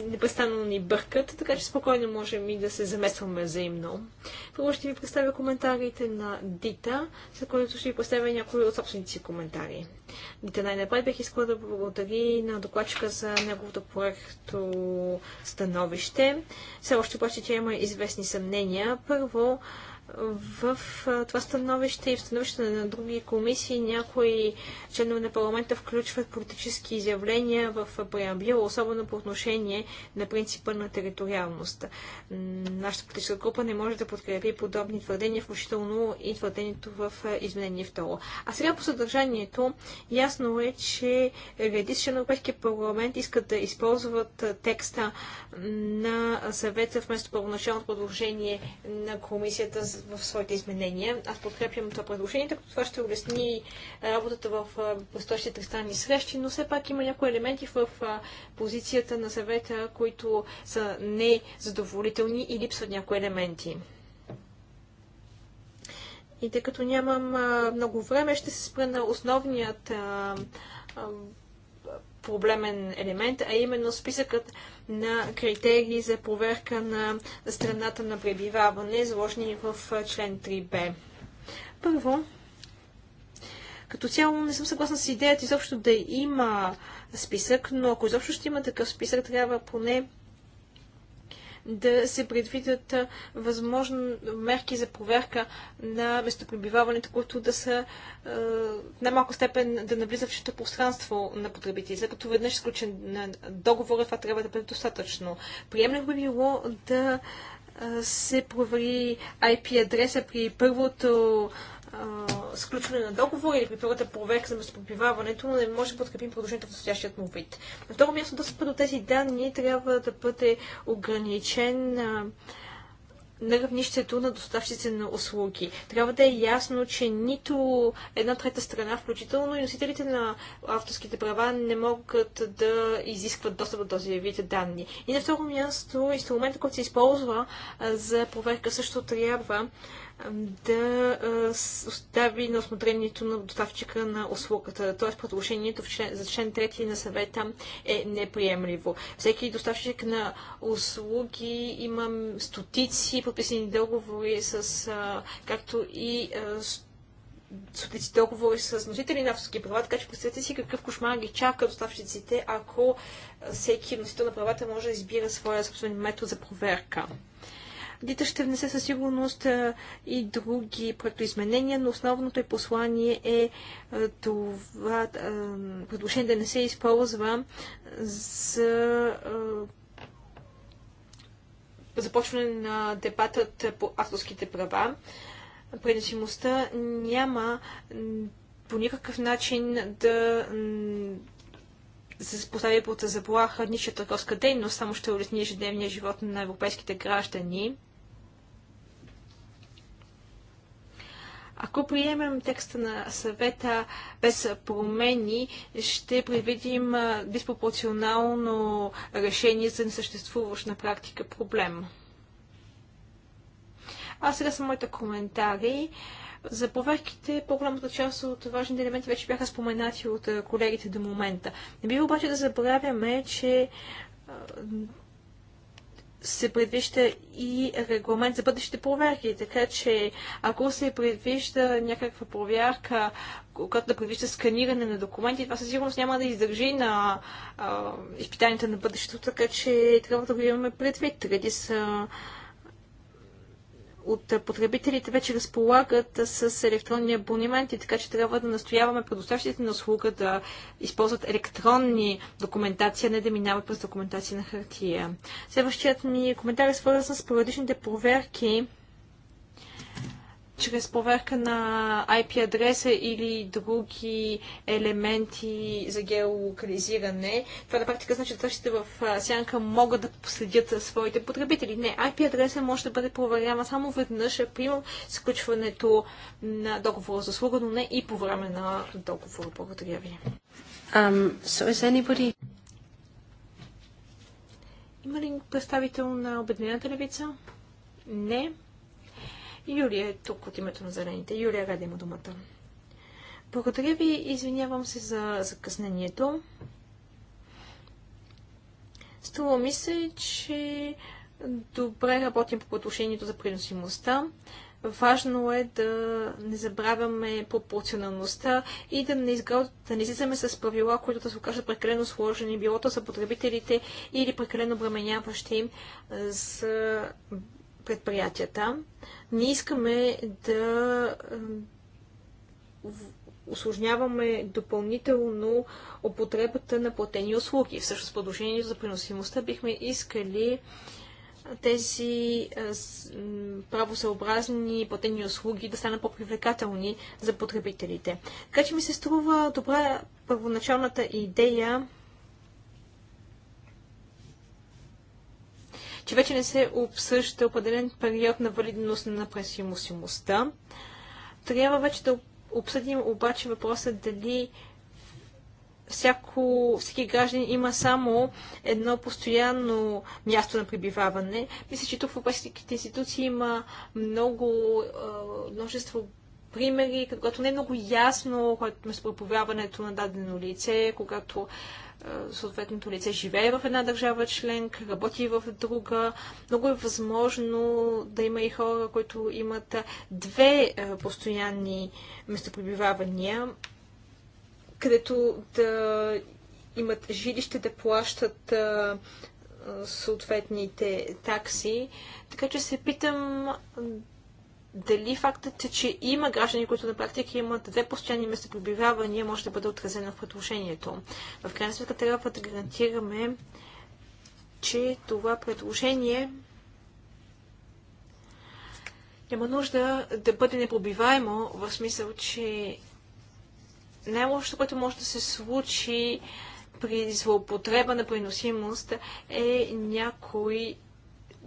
непрестанно ни бъркат, така че спокойно можем и да се заместваме взаимно. Първо ще ви представя коментарите на Дита, след което ще ви представя някои от собствените си коментари. Дита най-напред бих искала да благодари на докладчика за неговото проекто становище. Все още обаче, че има известни съмнения. Първо, в това становище и в становище на други комисии някои членове на парламента включват политически изявления в преамбила, особено по отношение на принципа на териториалност. Нашата политическа група не може да подкрепи подобни твърдения, включително и твърдението в изменение второ. А сега по съдържанието ясно е, че редица на Европейския парламент искат да използват текста на съвета вместо първоначалното предложение на комисията за в своите изменения. Аз подкрепям това предложение, като това ще улесни работата в предстоящите тристранни срещи, но все пак има някои елементи в позицията на съвета, които са незадоволителни и липсват някои елементи. И тъй като нямам много време, ще се спра на основният проблемен елемент, а именно списъкът на критерии за проверка на страната на пребиваване, заложени в член 3б. Първо, като цяло не съм съгласна с идеята изобщо да има списък, но ако изобщо ще има такъв списък, трябва поне да се предвидят възможно мерки за проверка на местопребиваването, които да са в най малко степен да навлиза в пространство на потребителите. Като веднъж е сключен на договора, това трябва да бъде достатъчно. Приемлив би било да се провери IP адреса при първото сключване на договор или при първата проверка за местопребиваването, но не може да подкрепим продължението в настоящият му вид. На второ място, достъп до тези данни трябва да бъде ограничен а, на равнището на доставчиците на услуги. Трябва да е ясно, че нито една трета страна, включително и носителите на авторските права, не могат да изискват достъп до този вид данни. И на второ място, инструментът, който се използва а, за проверка, също трябва да остави на осмотрението на доставчика на услугата. Т.е. предложението за член 3 на съвета е неприемливо. Всеки доставчик на услуги има стотици подписани договори с, както и стотици договори с носители на авторски права, така че представете си какъв кошмар ги чака доставчиците, ако всеки носител на правата може да избира своя собствен метод за проверка. Дита ще внесе със сигурност и други проектоизменения, но основното е послание е това предложение да не се използва за започване на дебатът по авторските права. Преносимостта няма по никакъв начин да се поставя под заплаха нищата търговска дейност, само ще улесни ежедневния живот на европейските граждани. Ако приемем текста на съвета без промени, ще предвидим диспропорционално решение за несъществуващ на практика проблем. А сега са моите коментари. За проверките по-голямата част от важните елементи вече бяха споменати от колегите до момента. Не бива обаче да забравяме, че се предвижда и регламент за бъдещите проверки. Така че, ако се предвижда някаква проверка, която да предвижда сканиране на документи, това със сигурност няма да издържи на а, изпитанията на бъдещето, така че трябва да го имаме предвид. Преди са от потребителите вече разполагат с електронни абонименти, така че трябва да настояваме предоставящите на услуга да използват електронни документация, не да минават през документация на хартия. Следващият ми коментар е свързан с периодичните проверки чрез проверка на IP адреса или други елементи за геолокализиране. Това на практика значи, че търсите в сянка могат да последят своите потребители. Не, IP адреса може да бъде проверява само веднъж има сключването на договора за услуга, но не и по време на договора. Благодаря ви. Um, so is anybody... Има ли представител на Обединената левица? Не. Юлия е тук от името на Зелените. Юлия Раде има думата. Благодаря ви, извинявам се за закъснението. Струва ми се, че добре работим по отношението за приносимостта. Важно е да не забравяме пропорционалността и да не, изград, да не излизаме с правила, които да се окажат прекалено сложени, било то за потребителите или прекалено бременяващи им за предприятията. Не искаме да осложняваме допълнително употребата на платени услуги. Всъщност, предложението за приносимостта бихме искали тези правосъобразни платени услуги да станат по-привлекателни за потребителите. Така че ми се струва добра първоначалната идея че вече не се обсъжда определен период на валидност на пресимусимостта. Трябва вече да обсъдим обаче въпроса дали всяко, всеки граждан има само едно постоянно място на пребиваване. Мисля, че тук в европейските институции има много, множество примери, когато не е много ясно, когато проповяването на дадено лице, когато съответното лице живее в една държава членка, работи в друга. Много е възможно да има и хора, които имат две постоянни местопребивавания, където да имат жилище, да плащат съответните такси. Така че се питам дали фактът, е, че има граждани, които на практика имат две постоянни места може да бъде отразено в предложението. В крайна сметка трябва да гарантираме, че това предложение няма нужда да бъде непробиваемо, в смисъл, че най-лошото, което може да се случи при злоупотреба на приносимост е някой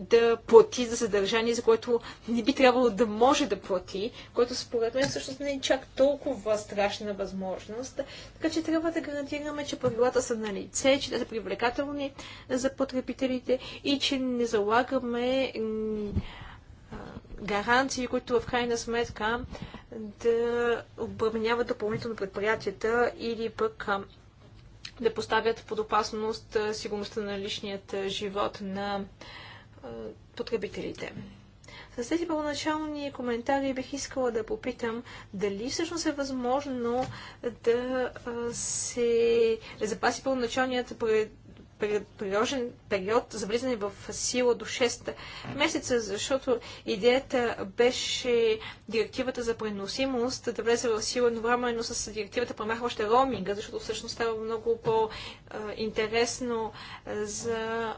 да плати за съдържание, за което не би трябвало да може да плати, което според мен всъщност не е чак толкова страшна възможност. Така че трябва да гарантираме, че правилата са на лице, че те са привлекателни за потребителите и че не залагаме гаранции, които в крайна сметка да обременяват допълнително предприятията или пък да поставят под опасност сигурността на личният живот на потребителите. С тези първоначални коментари бих искала да попитам дали всъщност е възможно да се запаси първоначалният приложен период за влизане в сила до 6 месеца, защото идеята беше директивата за преносимост да влезе в сила едновременно с директивата премахваща роуминга, защото всъщност става много по-интересно за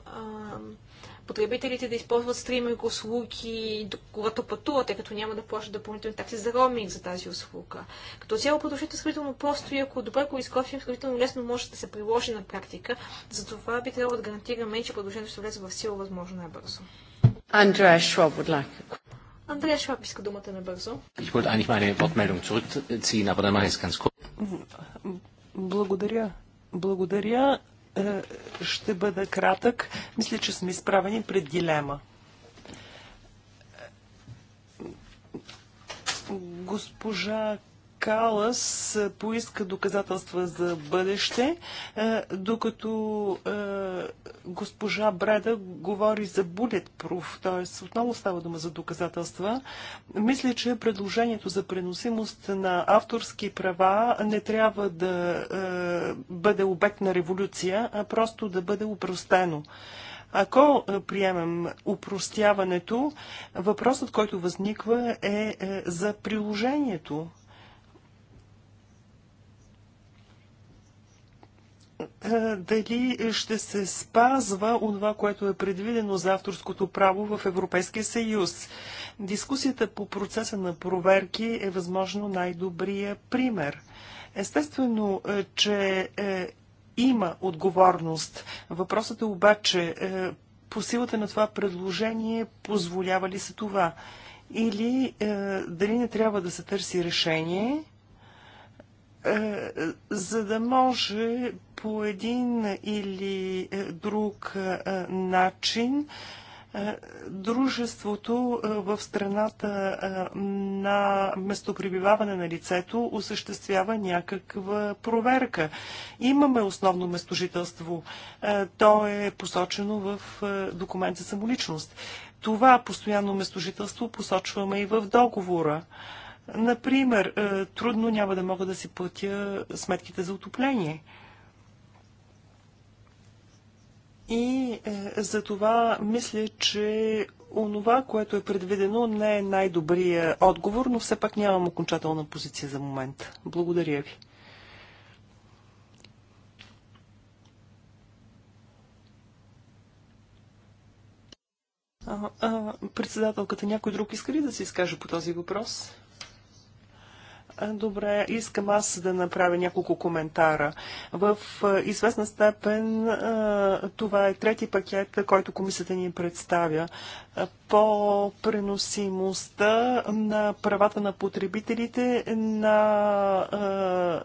потребителите да използват стриминг услуги, когато пътуват, тъй като няма да плащат допълнителни такси за роуминг за тази услуга. Като цяло продължението е сравнително просто и ако е добре го е изготвим, сравнително лесно може да се приложи на практика. Затова би трябвало да гарантираме, че продължението ще влезе в сила възможно най-бързо. Андрея Шваб Андрея Шваб иска думата набързо. Благодаря. Благодаря. Е, ще бъда кратък. Мисля, че сме изправени пред дилема. Е, госпожа Калас поиска доказателства за бъдеще, докато госпожа Бреда говори за Bulletproof, т.е. отново става дума за доказателства. Мисля, че предложението за преносимост на авторски права не трябва да бъде обект на революция, а просто да бъде упростено. Ако приемем упростяването, въпросът, който възниква е, е за приложението. Е, дали ще се спазва онова, което е предвидено за авторското право в Европейския съюз. Дискусията по процеса на проверки е възможно най-добрия пример. Естествено, е, че е, има отговорност. Въпросът е обаче е, по силата на това предложение позволява ли се това? Или е, дали не трябва да се търси решение? Е, за да може по един или е, друг е, начин дружеството в страната на местопребиваване на лицето осъществява някаква проверка. Имаме основно местожителство. То е посочено в документ за самоличност. Това постоянно местожителство посочваме и в договора. Например, е, трудно няма да мога да си платя сметките за отопление. И е, за това мисля, че онова, което е предвидено, не е най-добрия отговор, но все пак нямам окончателна позиция за момент. Благодаря ви. А, а, председателката, някой друг иска ли да се изкаже по този въпрос? Добре, искам аз да направя няколко коментара. В известна степен това е трети пакет, който комисията ни представя по преносимостта на правата на потребителите, на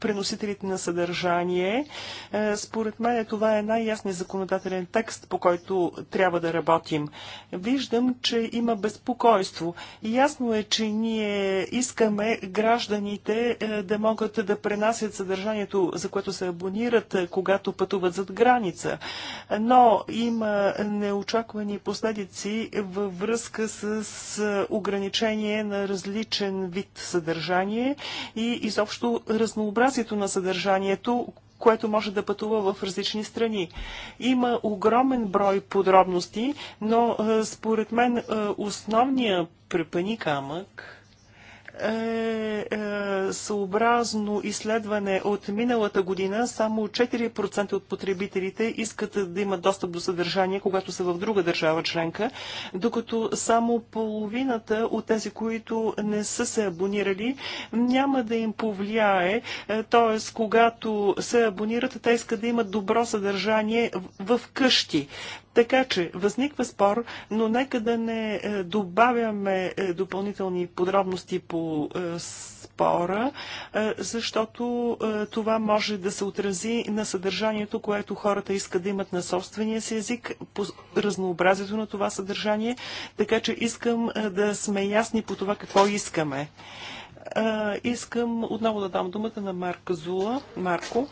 преносителите на съдържание. Според мен това е най-ясният законодателен текст, по който трябва да работим. Виждам, че има безпокойство. Ясно е, че ние искаме гражданите е, да могат да пренасят съдържанието, за което се абонират, е, когато пътуват зад граница. Но има неочаквани последици във връзка с е, ограничение на различен вид съдържание и изобщо разнообразието на съдържанието, което може да пътува в различни страни. Има огромен брой подробности, но според мен основният препани камък е, е, съобразно изследване от миналата година, само 4% от потребителите искат да имат достъп до съдържание, когато са в друга държава членка, докато само половината от тези, които не са се абонирали, няма да им повлияе. Т.е. когато се абонират, те искат да имат добро съдържание в къщи. Така че възниква спор, но нека да не е, добавяме е, допълнителни подробности по е, спора, защото това може да се отрази на съдържанието, което хората искат да имат на собствения си език, по разнообразието на това съдържание, така че искам да сме ясни по това какво искаме. Искам отново да дам думата на Марка Зула. Марко.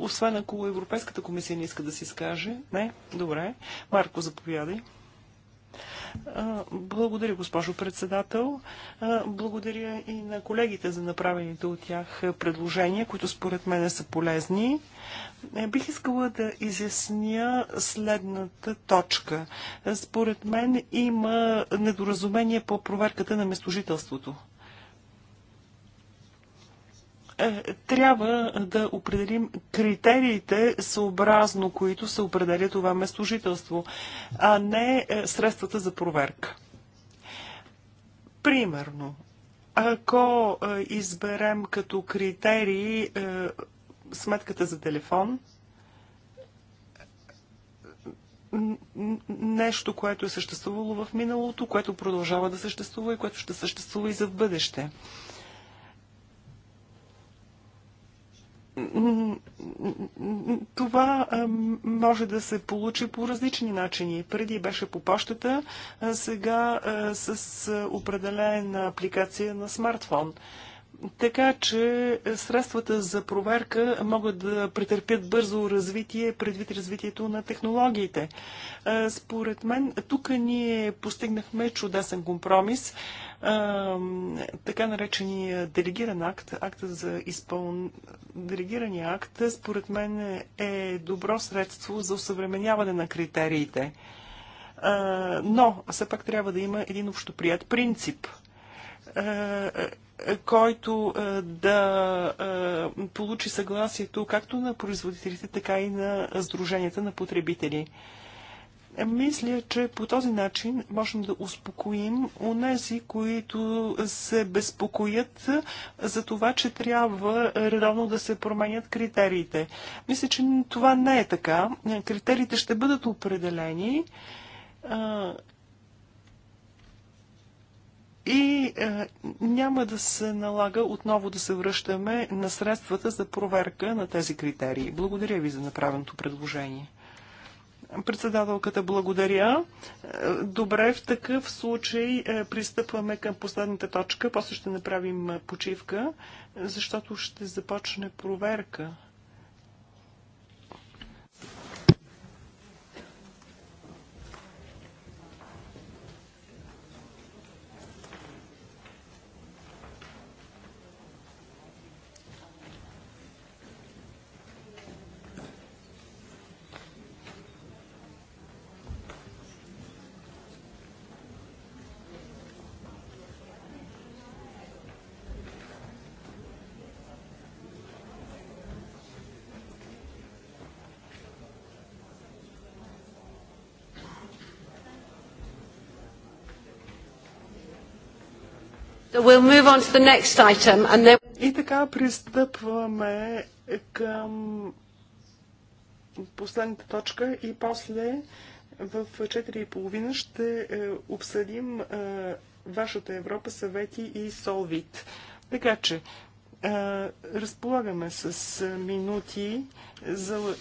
Освен ако Европейската комисия не иска да си скаже. Не? Добре. Марко, заповядай. Благодаря, госпожо председател. Благодаря и на колегите за направените от тях предложения, които според мен са полезни. Е, бих искала да изясня следната точка. Според мен има недоразумение по проверката на местожителството. Е, трябва да определим критериите, съобразно които се определя това местожителство, а не е, средствата за проверка. Примерно, ако е, изберем като критерии сметката за телефон, нещо, което е съществувало в миналото, което продължава да съществува и което ще съществува и за в бъдеще. Това може да се получи по различни начини. Преди беше по почтата, сега с определена апликация на смартфон така че средствата за проверка могат да претърпят бързо развитие предвид развитието на технологиите. Според мен, тук ние постигнахме чудесен компромис, така наречения делегиран акт, акта за изпълн... делегирания акт, според мен е добро средство за усъвременяване на критериите. Но, все пак трябва да има един общоприят принцип който е, да е, получи съгласието както на производителите, така и на сдруженията на потребители. Мисля, че по този начин можем да успокоим онези, които се безпокоят за това, че трябва редовно да се променят критериите. Мисля, че това не е така. Критериите ще бъдат определени и е, няма да се налага отново да се връщаме на средствата за проверка на тези критерии. Благодаря ви за направеното предложение. Председателката благодаря. Е, добре, в такъв случай е, пристъпваме към последната точка. После ще направим почивка, защото ще започне проверка. We'll move on to the next item and then... И така пристъпваме към последната точка и после в 4.30 ще е, обсъдим е, вашата Европа, съвети и Солвит. Така че разполагаме с минути за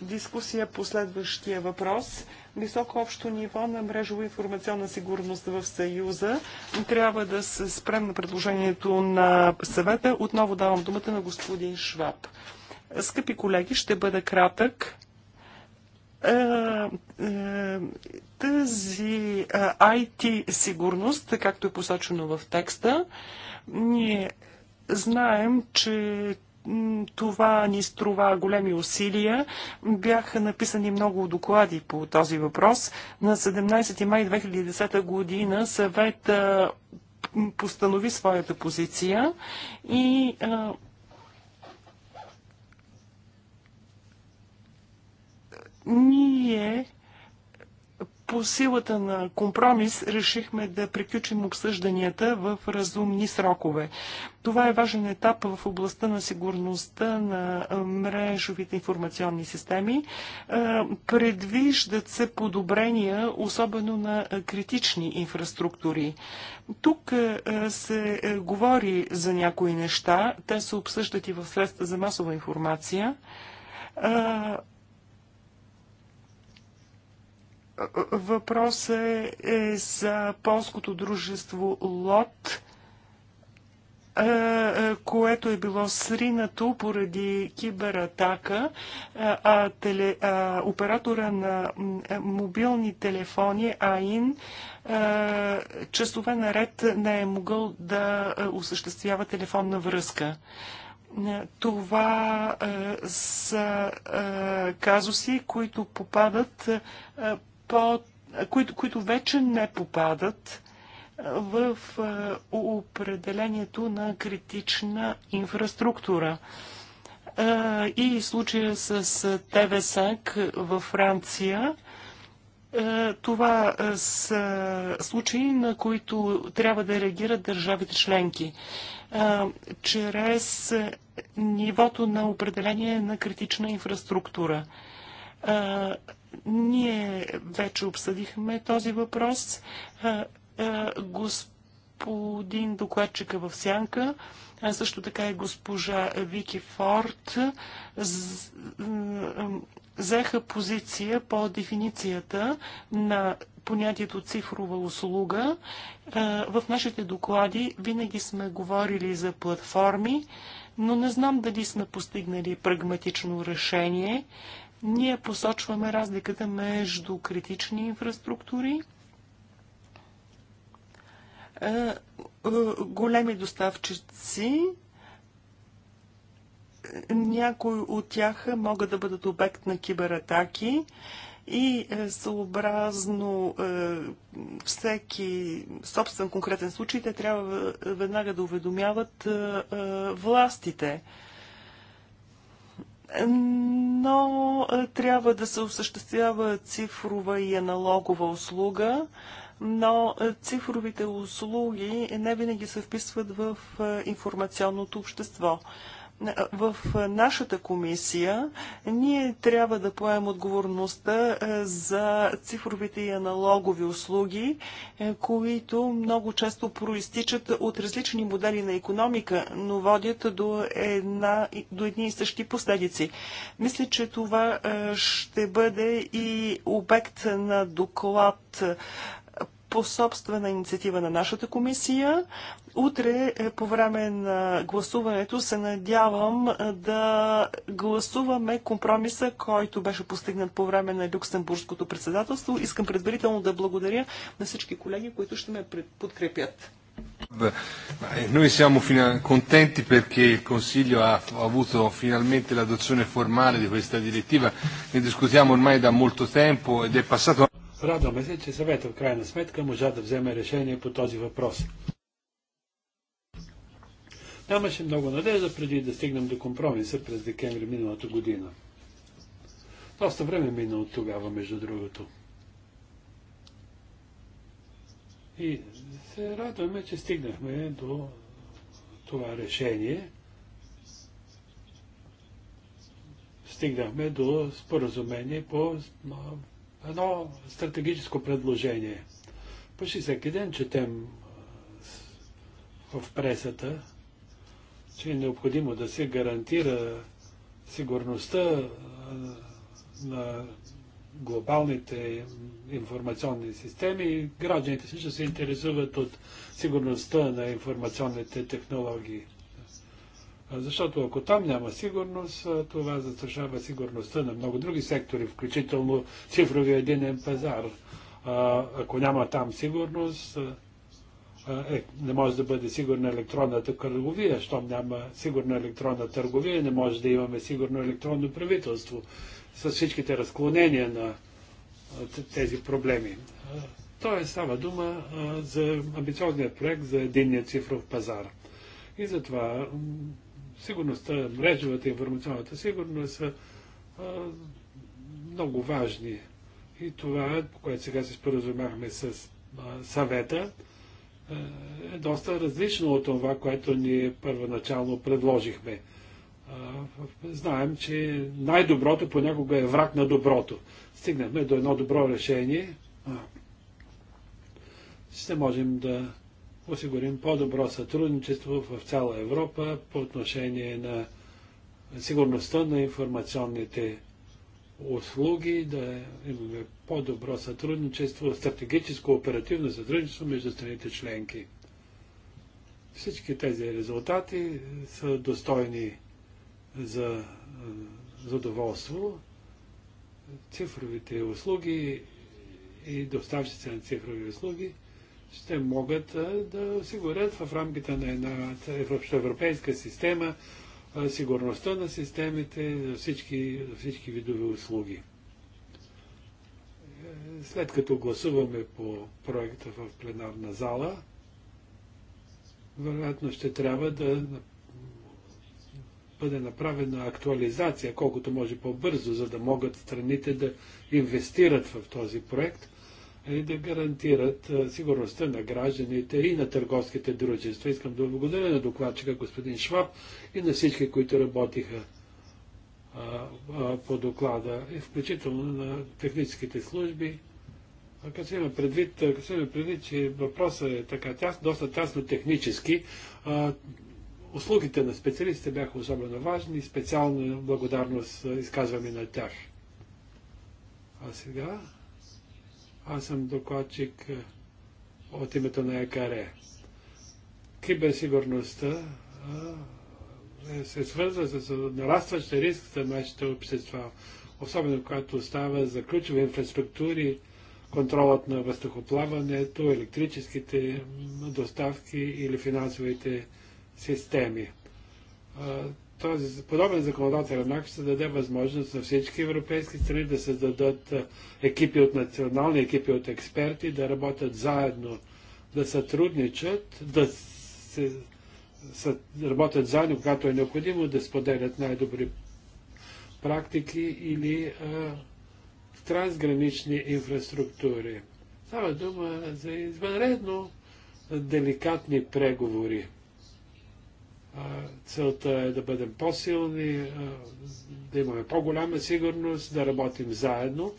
дискусия по следващия въпрос. Високо общо ниво на мрежова информационна сигурност в Съюза. Трябва да се спрем на предложението на съвета. Отново давам думата на господин Шваб. Скъпи колеги, ще бъда кратък тази IT сигурност, както е посочено в текста, ние Знаем, че това ни струва големи усилия. Бяха написани много доклади по този въпрос. На 17 май 2010 година съвет постанови своята позиция и а, ние по силата на компромис решихме да приключим обсъжданията в разумни срокове. Това е важен етап в областта на сигурността на мрежовите информационни системи. Предвиждат се подобрения, особено на критични инфраструктури. Тук се говори за някои неща. Те се обсъждат и в средства за масова информация Въпросът е, е за полското дружество ЛОТ, е, е, което е било сринато поради кибератака, а, теле, а оператора на мобилни телефони АИН часове наред не е могъл да осъществява телефонна връзка. Това са казуси, които попадат по, които, които вече не попадат в определението на критична инфраструктура. И случая с ТВСАК във Франция. Това са случаи, на които трябва да реагират държавите членки чрез нивото на определение на критична инфраструктура. Ние вече обсъдихме този въпрос. Господин докладчика е в сянка, а също така и госпожа Вики Форд, взеха позиция по дефиницията на понятието цифрова услуга. В нашите доклади винаги сме говорили за платформи, но не знам дали сме постигнали прагматично решение. Ние посочваме разликата между критични инфраструктури, е, е, големи доставчици, някои от тях могат да бъдат обект на кибератаки и е, съобразно всеки собствен конкретен случай, те трябва веднага да уведомяват властите но е, трябва да се осъществява цифрова и аналогова услуга, но е, цифровите услуги не винаги се вписват в е, информационното общество в нашата комисия ние трябва да поем отговорността е, за цифровите и аналогови услуги, е, които много често проистичат от различни модели на економика, но водят до, една, до едни и същи последици. Мисля, че това е, ще бъде и обект на доклад по собствена инициатива на нашата комисия. Утре е, по време на гласуването се надявам е, да гласуваме компромиса, който беше постигнат по време на Люксембургското председателство. Искам предварително да благодаря на всички колеги, които ще ме подкрепят. Noi siamo contenti perché il Consiglio ha avuto finalmente l'adozione formale di questa direttiva, ne discutiamo ormai da molto tempo ed è passato Радваме се, че съветът в крайна сметка можа да вземе решение по този въпрос. Нямаше много надежда преди да стигнем до компромиса през декември миналата година. Доста време мина от тогава, между другото. И се радваме, че стигнахме до това решение. Стигнахме до споразумение по едно стратегическо предложение. Почти всеки ден четем в пресата, че е необходимо да се гарантира сигурността на глобалните информационни системи. Гражданите също се интересуват от сигурността на информационните технологии. Защото ако там няма сигурност, това застрашава сигурността на много други сектори, включително цифровия единен пазар. Ако няма там сигурност, е, не може да бъде сигурна електронната търговия. Щом няма сигурна електронна търговия, не може да имаме сигурно електронно правителство с всичките разклонения на тези проблеми. Той става дума за амбициозният проект за единния цифров пазар. И затова сигурността, мрежовата информационната сигурност са много важни. И това, по което сега се споразумяхме с а, съвета, е, е доста различно от това, което ние първоначално предложихме. Знаем, че най-доброто понякога е враг на доброто. Стигнахме до едно добро решение. Ще можем да осигурим по-добро сътрудничество в цяла Европа по отношение на сигурността на информационните услуги, да имаме по-добро сътрудничество, стратегическо оперативно сътрудничество между страните членки. Всички тези резултати са достойни за е, задоволство. Цифровите услуги и доставчици на цифрови услуги ще могат да осигурят в рамките на една европейска система сигурността на системите за всички, за всички видове услуги. След като гласуваме по проекта в пленарна зала, вероятно ще трябва да бъде направена актуализация, колкото може по-бързо, за да могат страните да инвестират в този проект и е да гарантират сигурността на гражданите и на търговските дружества. Искам да благодаря на докладчика господин Шваб и на всички, които работиха по доклада, включително на техническите служби. Като се има предвид, предвид, че въпросът е така тясно, доста тясно технически, услугите на специалистите бяха особено важни и специална благодарност изказваме на тях. А сега аз съм докладчик е, от името на ЕКАРЕ. Киберсигурността е, е, се свързва с нарастващия риск за нашите общества, особено когато става за ключови инфраструктури, контролът на въздухоплаването, електрическите доставки или финансовите системи този подобен законодателен акт ще даде възможност за всички европейски страни да създадат екипи от национални екипи от експерти, да работят заедно, да сътрудничат, да се, работят заедно, когато е необходимо, да споделят най-добри практики или а, трансгранични инфраструктури. Става дума за извънредно деликатни преговори Целта е да бъдем по-силни, да имаме по-голяма сигурност, да работим заедно,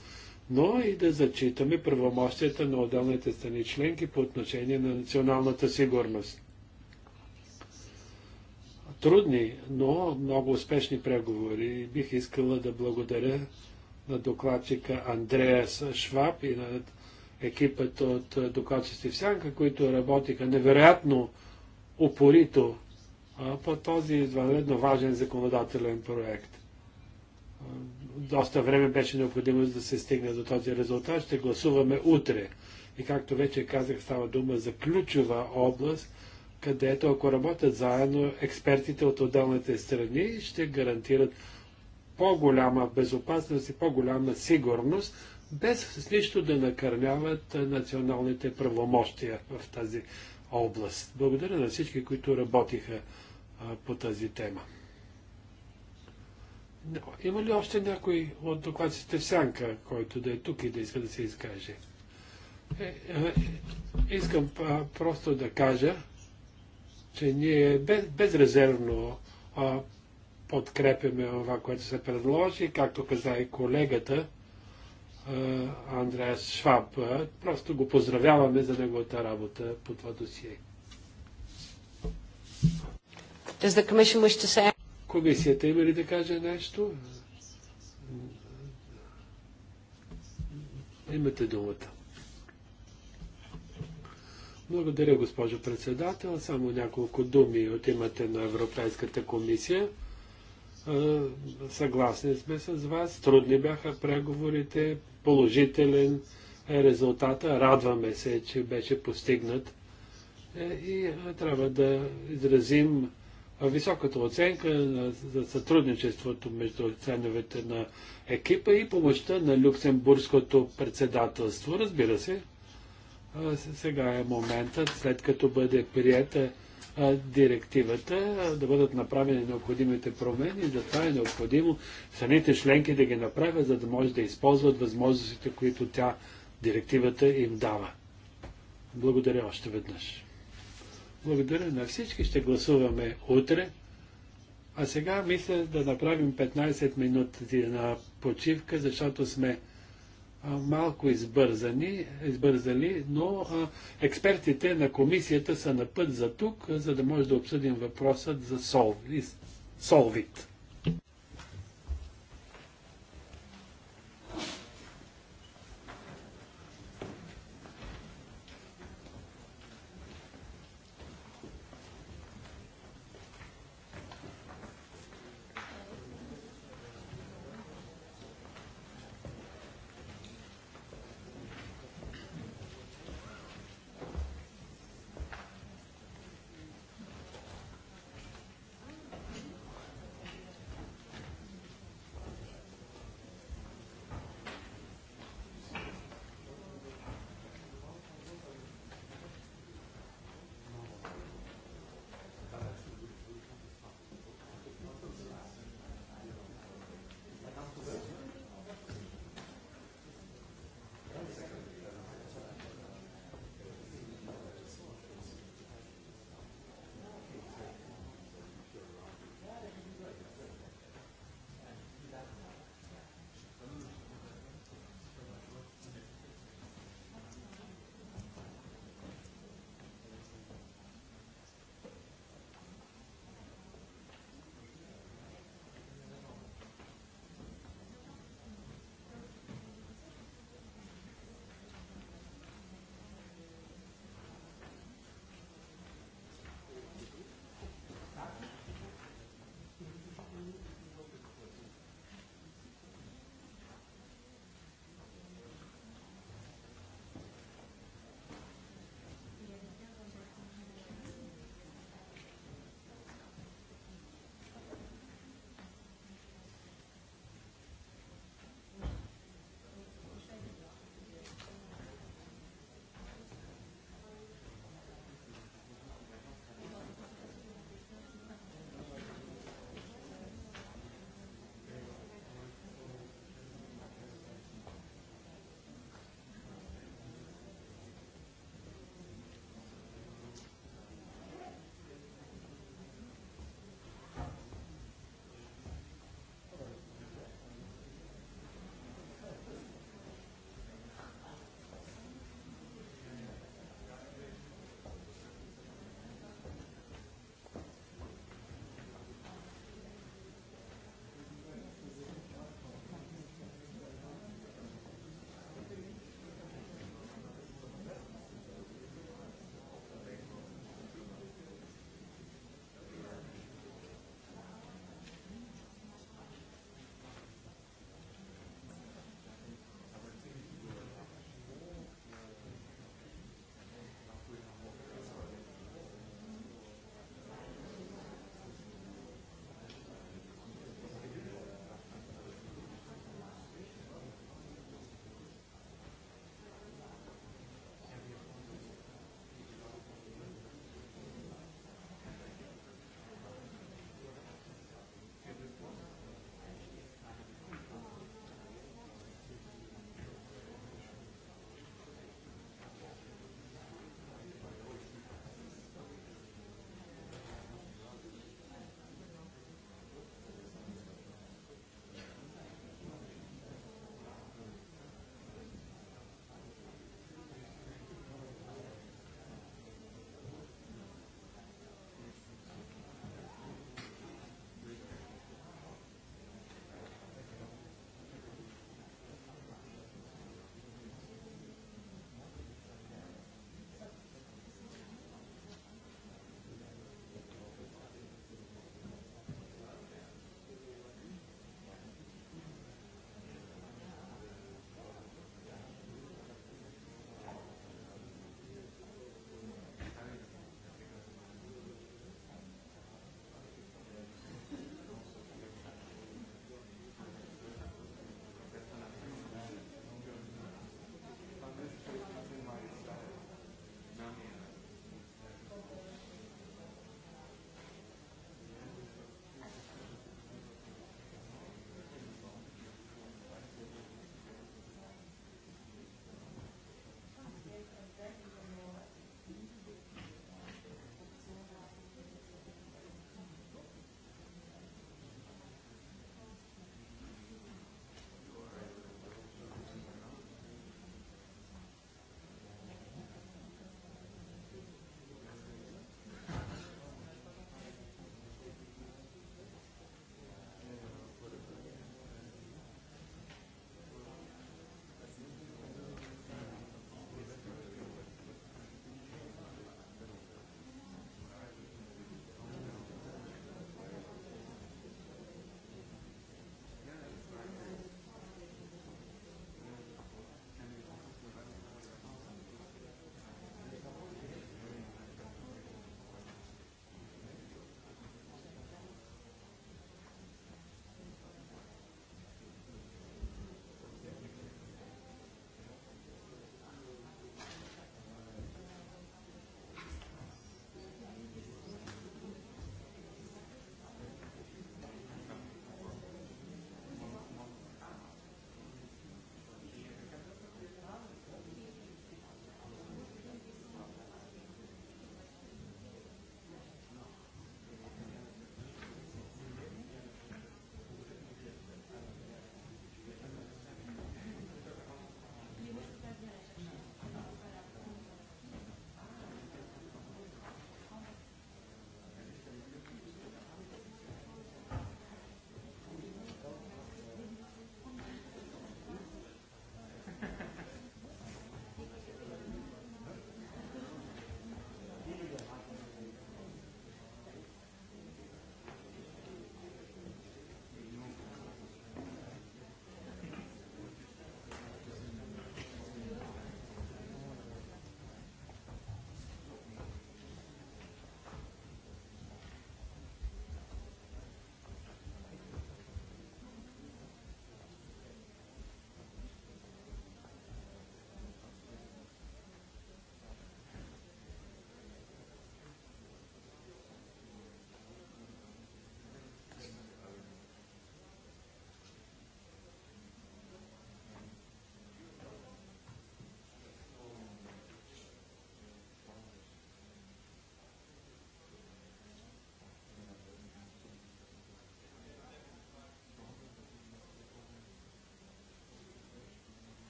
но и да зачитаме правомощията на отделните страни членки по отношение на националната сигурност. Трудни, но много успешни преговори. Бих искала да благодаря на докладчика Андреас Шваб и на екипът от докладчици в Сянка, които работиха невероятно упорито по този извънредно важен законодателен проект. Доста време беше необходимо да се стигне до този резултат. Ще гласуваме утре. И както вече казах, става дума за ключова област, където ако работят заедно експертите от отделните страни, ще гарантират по-голяма безопасност и по-голяма сигурност, без с нищо да накърняват националните правомощия в тази област. Благодаря на всички, които работиха по тази тема. Има ли още някой от докладците в сянка, който да е тук и да иска да се изкаже? Е, е, искам а, просто да кажа, че ние без, безрезервно а, подкрепяме това, което се предложи, както каза и колегата а, Андреас Шваб. А, просто го поздравяваме за неговата работа по това досие. Does the commission wish to say... Комисията има ли да каже нещо? Имате думата. Благодаря, госпожо председател. Само няколко думи от имате на Европейската комисия. Съгласни сме с вас. Трудни бяха преговорите. Положителен е резултата. Радваме се, че беше постигнат. Е, и трябва да изразим високата оценка за сътрудничеството между членовете на екипа и помощта на люксембургското председателство. Разбира се, сега е моментът, след като бъде прията директивата, да бъдат направени необходимите промени. За това е необходимо самите членки да ги направят, за да може да използват възможностите, които тя директивата им дава. Благодаря още веднъж. Благодаря на всички. Ще гласуваме утре. А сега мисля да направим 15 минути на почивка, защото сме малко избързани, избързали, но експертите на комисията са на път за тук, за да може да обсъдим въпросът за Солвит.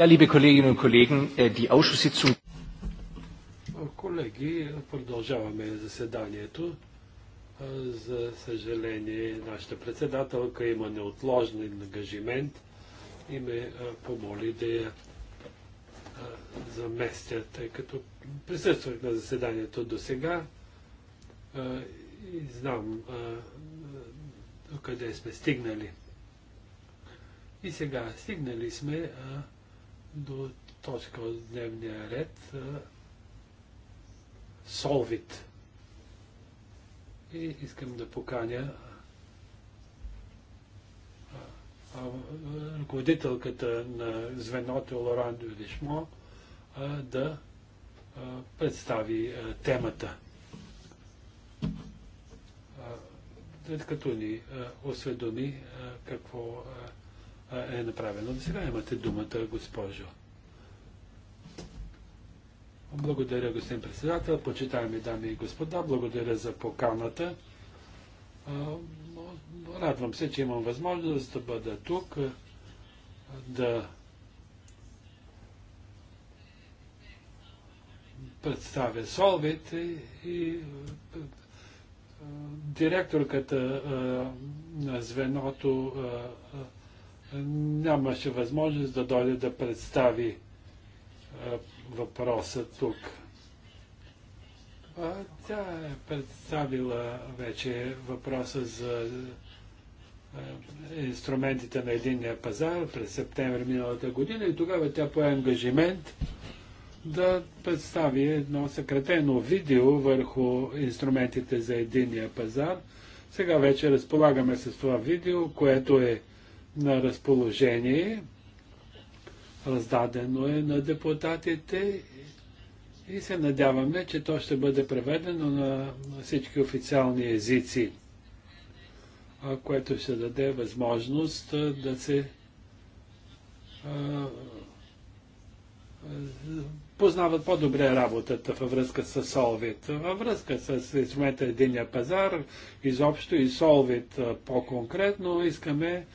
Ja, liebe Kolleginnen und Kollegen, äh, die Ausschusssitzung. Колеги, продължаваме заседанието. Е, за съжаление, нашата председателка има неотложен ангажимент и ме е, помоли да я е, заместя, тъй като присъствах на заседанието до сега и знам до къде сме стигнали. И сега стигнали сме а, до точка от дневния ред Солвит. И искам да поканя ръководителката на звеното Лоран Дюдишмо да представи темата. Като ни осведоми какво е направено. сега имате думата, госпожо. Благодаря, господин председател, почитаеми дами и господа, благодаря за поканата. Радвам се, че имам възможност да бъда тук, да представя Солвит и директорката на звеното нямаше възможност да дойде да представи а, въпроса тук. А, тя е представила вече въпроса за а, инструментите на единния пазар през септември миналата година и тогава тя пое ангажимент да представи едно съкратено видео върху инструментите за единния пазар. Сега вече разполагаме с това видео, което е на разположение. Раздадено е на депутатите и се надяваме, че то ще бъде преведено на всички официални езици, което ще даде възможност да се познават по-добре работата във връзка с Солвит. Във връзка с инструмента Единия пазар, изобщо и Солвит по-конкретно, искаме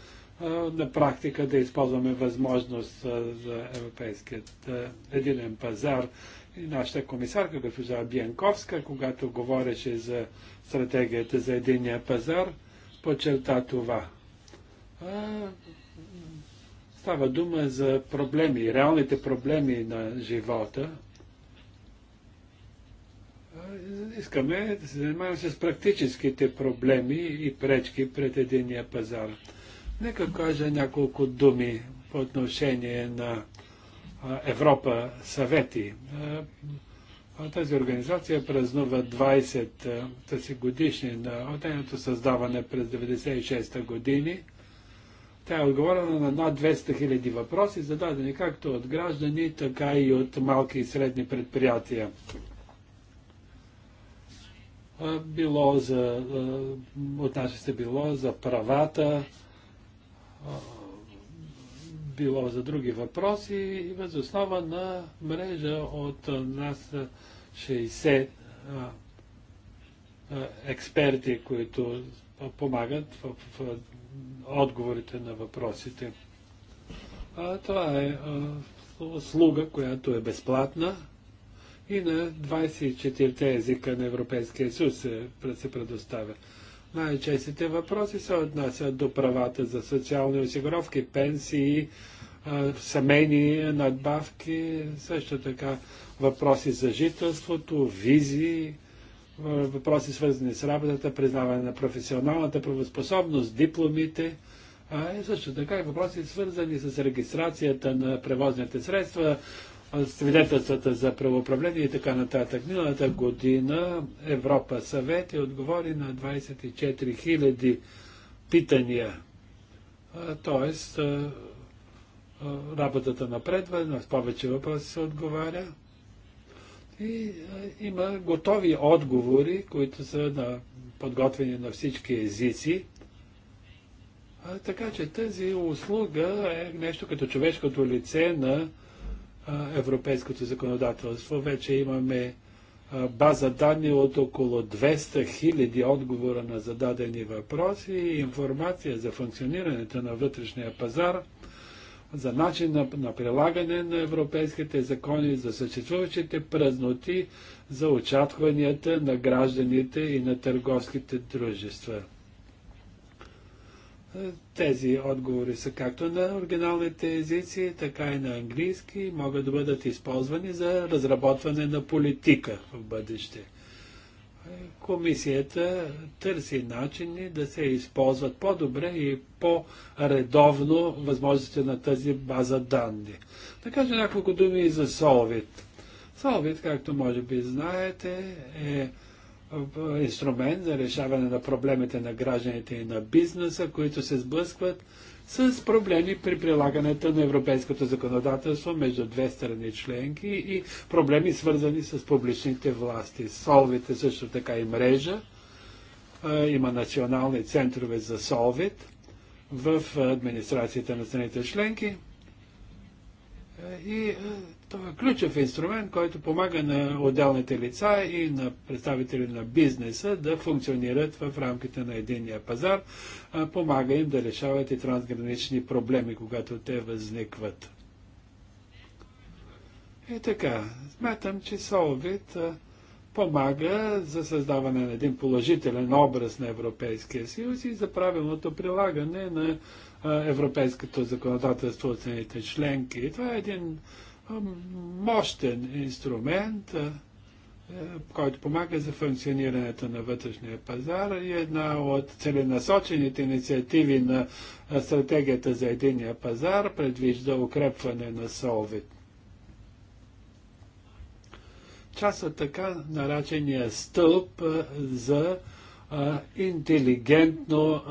на практика да използваме възможност за европейският единен пазар. И нашата комисарка, госпожа Бянковска, когато говореше за стратегията за единия пазар, подчерта това. става дума за проблеми, реалните проблеми на живота. искаме да се занимаваме с практическите проблеми и пречки пред единия пазар. Нека кажа няколко думи по отношение на Европа съвети. Тази организация празнува 20-та си годишнина нейното създаване през 96-та години. Тя е отговорена на над 200 хиляди въпроси, зададени както от граждани, така и от малки и средни предприятия. Било за, от нас било за правата, било за други въпроси и възоснова на мрежа от нас 60 а, а, експерти, които помагат в, в, в отговорите на въпросите. А, това е услуга, която е безплатна и на 24 езика на Европейския съюз се, се предоставя. Най-честите въпроси се отнасят до правата за социални осигуровки, пенсии, семейни надбавки, също така въпроси за жителството, визи, въпроси свързани с работата, признаване на професионалната правоспособност, дипломите, а също така и въпроси свързани с регистрацията на превозните средства, свидетелствата за правоуправление и така нататък. Миналата година Европа съвет е отговори на 24 000 питания. Тоест, работата напредва, на повече въпроси се отговаря. И има готови отговори, които са на, подготвени на всички езици. А, така че тази услуга е нещо като човешкото лице на европейското законодателство. Вече имаме база данни от около 200 хиляди отговора на зададени въпроси и информация за функционирането на вътрешния пазар, за начин на, на прилагане на европейските закони, за съществуващите празноти, за очакванията на гражданите и на търговските дружества. Тези отговори са както на оригиналните езици, така и на английски и могат да бъдат използвани за разработване на политика в бъдеще. Комисията търси начини да се използват по-добре и по-редовно възможностите на тази база данни. Да кажа няколко думи и за Solvit. Solvit, както може би знаете, е е, инструмент за решаване на проблемите на гражданите и на бизнеса, които се сблъскват с проблеми при прилагането на европейското законодателство между две страни членки и проблеми свързани с публичните власти. Солвите също така и мрежа. Е, има национални центрове за Солвит в администрацията на страните членки. Е, и е ключов инструмент, който помага на отделните лица и на представители на бизнеса да функционират в рамките на единния пазар, помага им да решават и трансгранични проблеми, когато те възникват. И така, смятам, че Солвит помага за създаване на един положителен образ на Европейския съюз и за правилното прилагане на европейското законодателство от страните членки. Това е един мощен инструмент, е, е, който помага за функционирането на вътрешния пазар и една от целенасочените инициативи на е, стратегията за единия пазар предвижда укрепване на Солвит. Част от така наречения стълб за интелигентно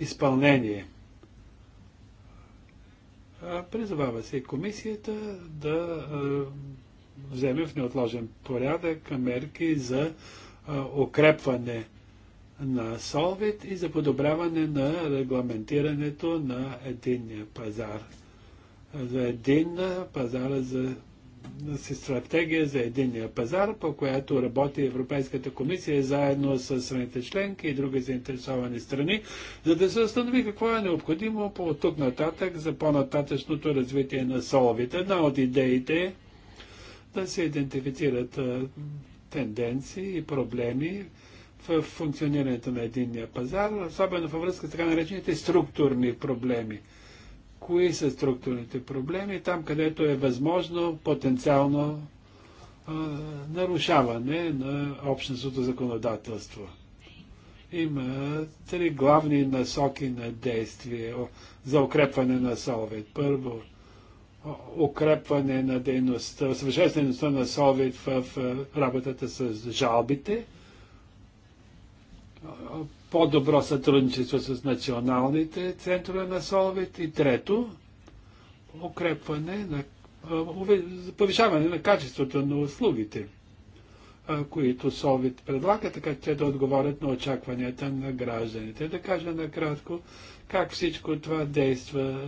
изпълнение – Призовава се и комисията да вземе в неотложен порядък мерки за укрепване на Солвит и за подобряване на регламентирането на единния пазар. За един пазар за си стратегия за единния пазар, по която работи Европейската комисия заедно с страните членки и други заинтересовани страни, за да се установи какво е необходимо по тук нататък за по-нататъчното развитие на соловите. Една от идеите е да се идентифицират тенденции и проблеми в функционирането на единния пазар, особено във връзка с така наречените структурни проблеми – кои са структурните проблеми, там където е възможно потенциално а, нарушаване на общностното законодателство. Има три главни насоки на действие за укрепване на Совет. Първо, укрепване на дейността, съвършенстването на Совет в, в работата с жалбите – по-добро сътрудничество с националните центрове на Солвит и трето, укрепване на повишаване на качеството на услугите, които Солвит предлага, така че да отговорят на очакванията на гражданите. Да кажа накратко как всичко това действа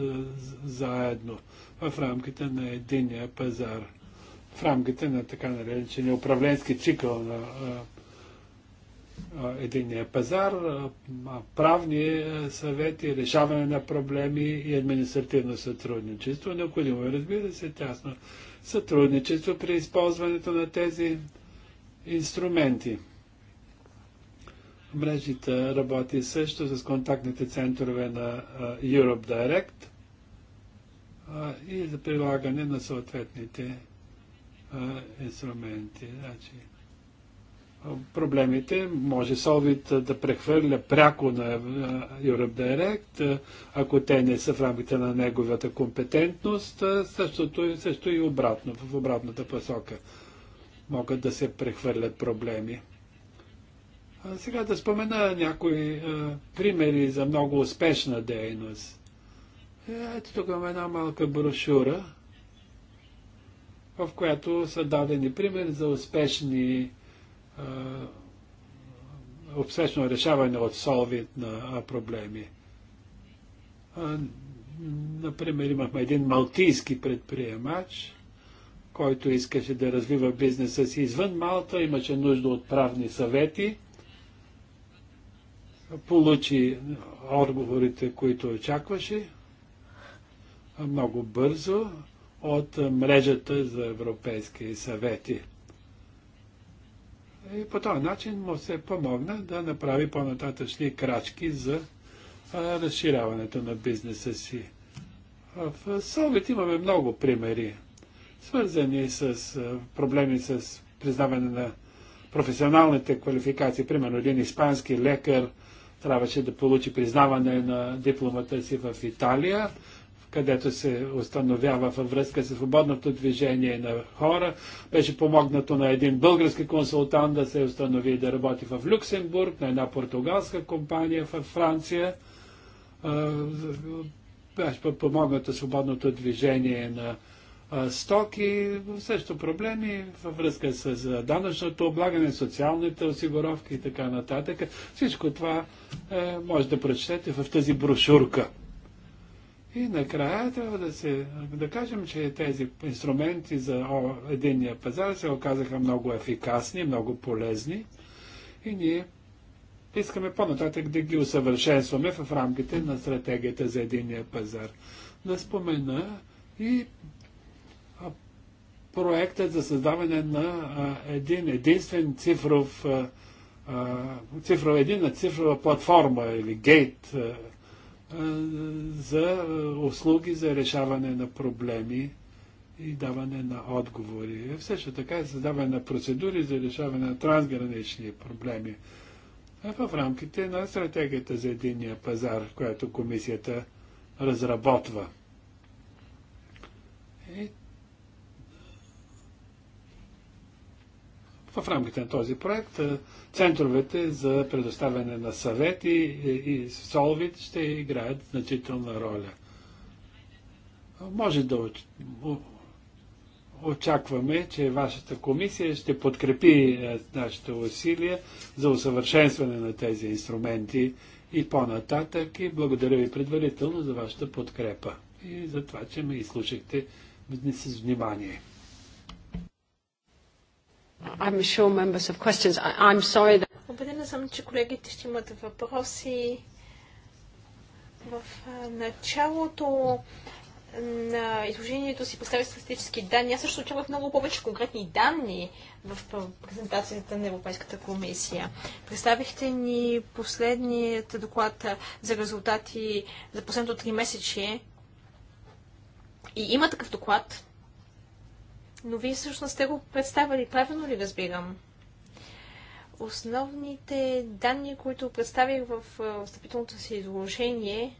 заедно в рамките на единия пазар, в рамките на така наречения управленски цикъл на единния пазар, правни е, съвети, решаване на проблеми и административно сътрудничество. Необходимо е, разбира се, тясно сътрудничество при използването на тези инструменти. Мрежата работи също с контактните центрове на Europe Direct и за прилагане на съответните инструменти. Значи, проблемите. Може Солвит да прехвърля пряко на Europe Direct, ако те не са в рамките на неговата компетентност, същото, също и обратно, в обратната посока могат да се прехвърлят проблеми. А сега да спомена някои примери за много успешна дейност. Ето тук има една малка брошура, в която са дадени примери за успешни е, обсечно решаване от Солвит на проблеми. Например, имахме един малтийски предприемач, който искаше да развива бизнеса си извън Малта, имаше нужда от правни съвети, получи отговорите, които очакваше, много бързо от мрежата за европейски съвети. И по този начин му се помогна да направи по-нататъчни крачки за а, разширяването на бизнеса си. В Солвит имаме много примери, свързани с а, проблеми с признаване на професионалните квалификации. Примерно един испански лекар трябваше да получи признаване на дипломата си в Италия, където се установява във връзка с свободното движение на хора. Беше помогнато на един български консултант да се установи да работи в Люксембург, на една португалска компания в Франция. Беше помогнато свободното движение на стоки, също проблеми във връзка с данъчното облагане, социалните осигуровки и така нататък. Всичко това е, може да прочетете в тази брошурка. И накрая трябва да, се, да кажем, че тези инструменти за единния пазар се оказаха много ефикасни, много полезни и ние искаме по-нататък да ги усъвършенстваме в рамките на стратегията за единния пазар. Да спомена и проектът за създаване на един единствен цифров, цифров единна цифрова платформа или гейт за услуги за решаване на проблеми и даване на отговори. Също така и създаване на процедури за решаване на трансгранични проблеми. А в рамките на стратегията за единния пазар, която комисията разработва. И В рамките на този проект центровете за предоставяне на съвети и, Солвит ще играят значителна роля. Може да очакваме, че вашата комисия ще подкрепи нашите усилия за усъвършенстване на тези инструменти и по-нататък и благодаря ви предварително за вашата подкрепа и за това, че ме изслушахте с внимание. I'm sure members have questions. I, I'm sorry that... Обедена съм, че колегите ще имат въпроси. В началото на изложението си поставя статистически данни. Аз също очаквах много повече конкретни данни в презентацията на Европейската комисия. Представихте ни последният доклад за резултати за последното три месече. И има такъв доклад, но вие всъщност сте го представили. Правилно ли разбирам? Основните данни, които представих в встъпителното си изложение,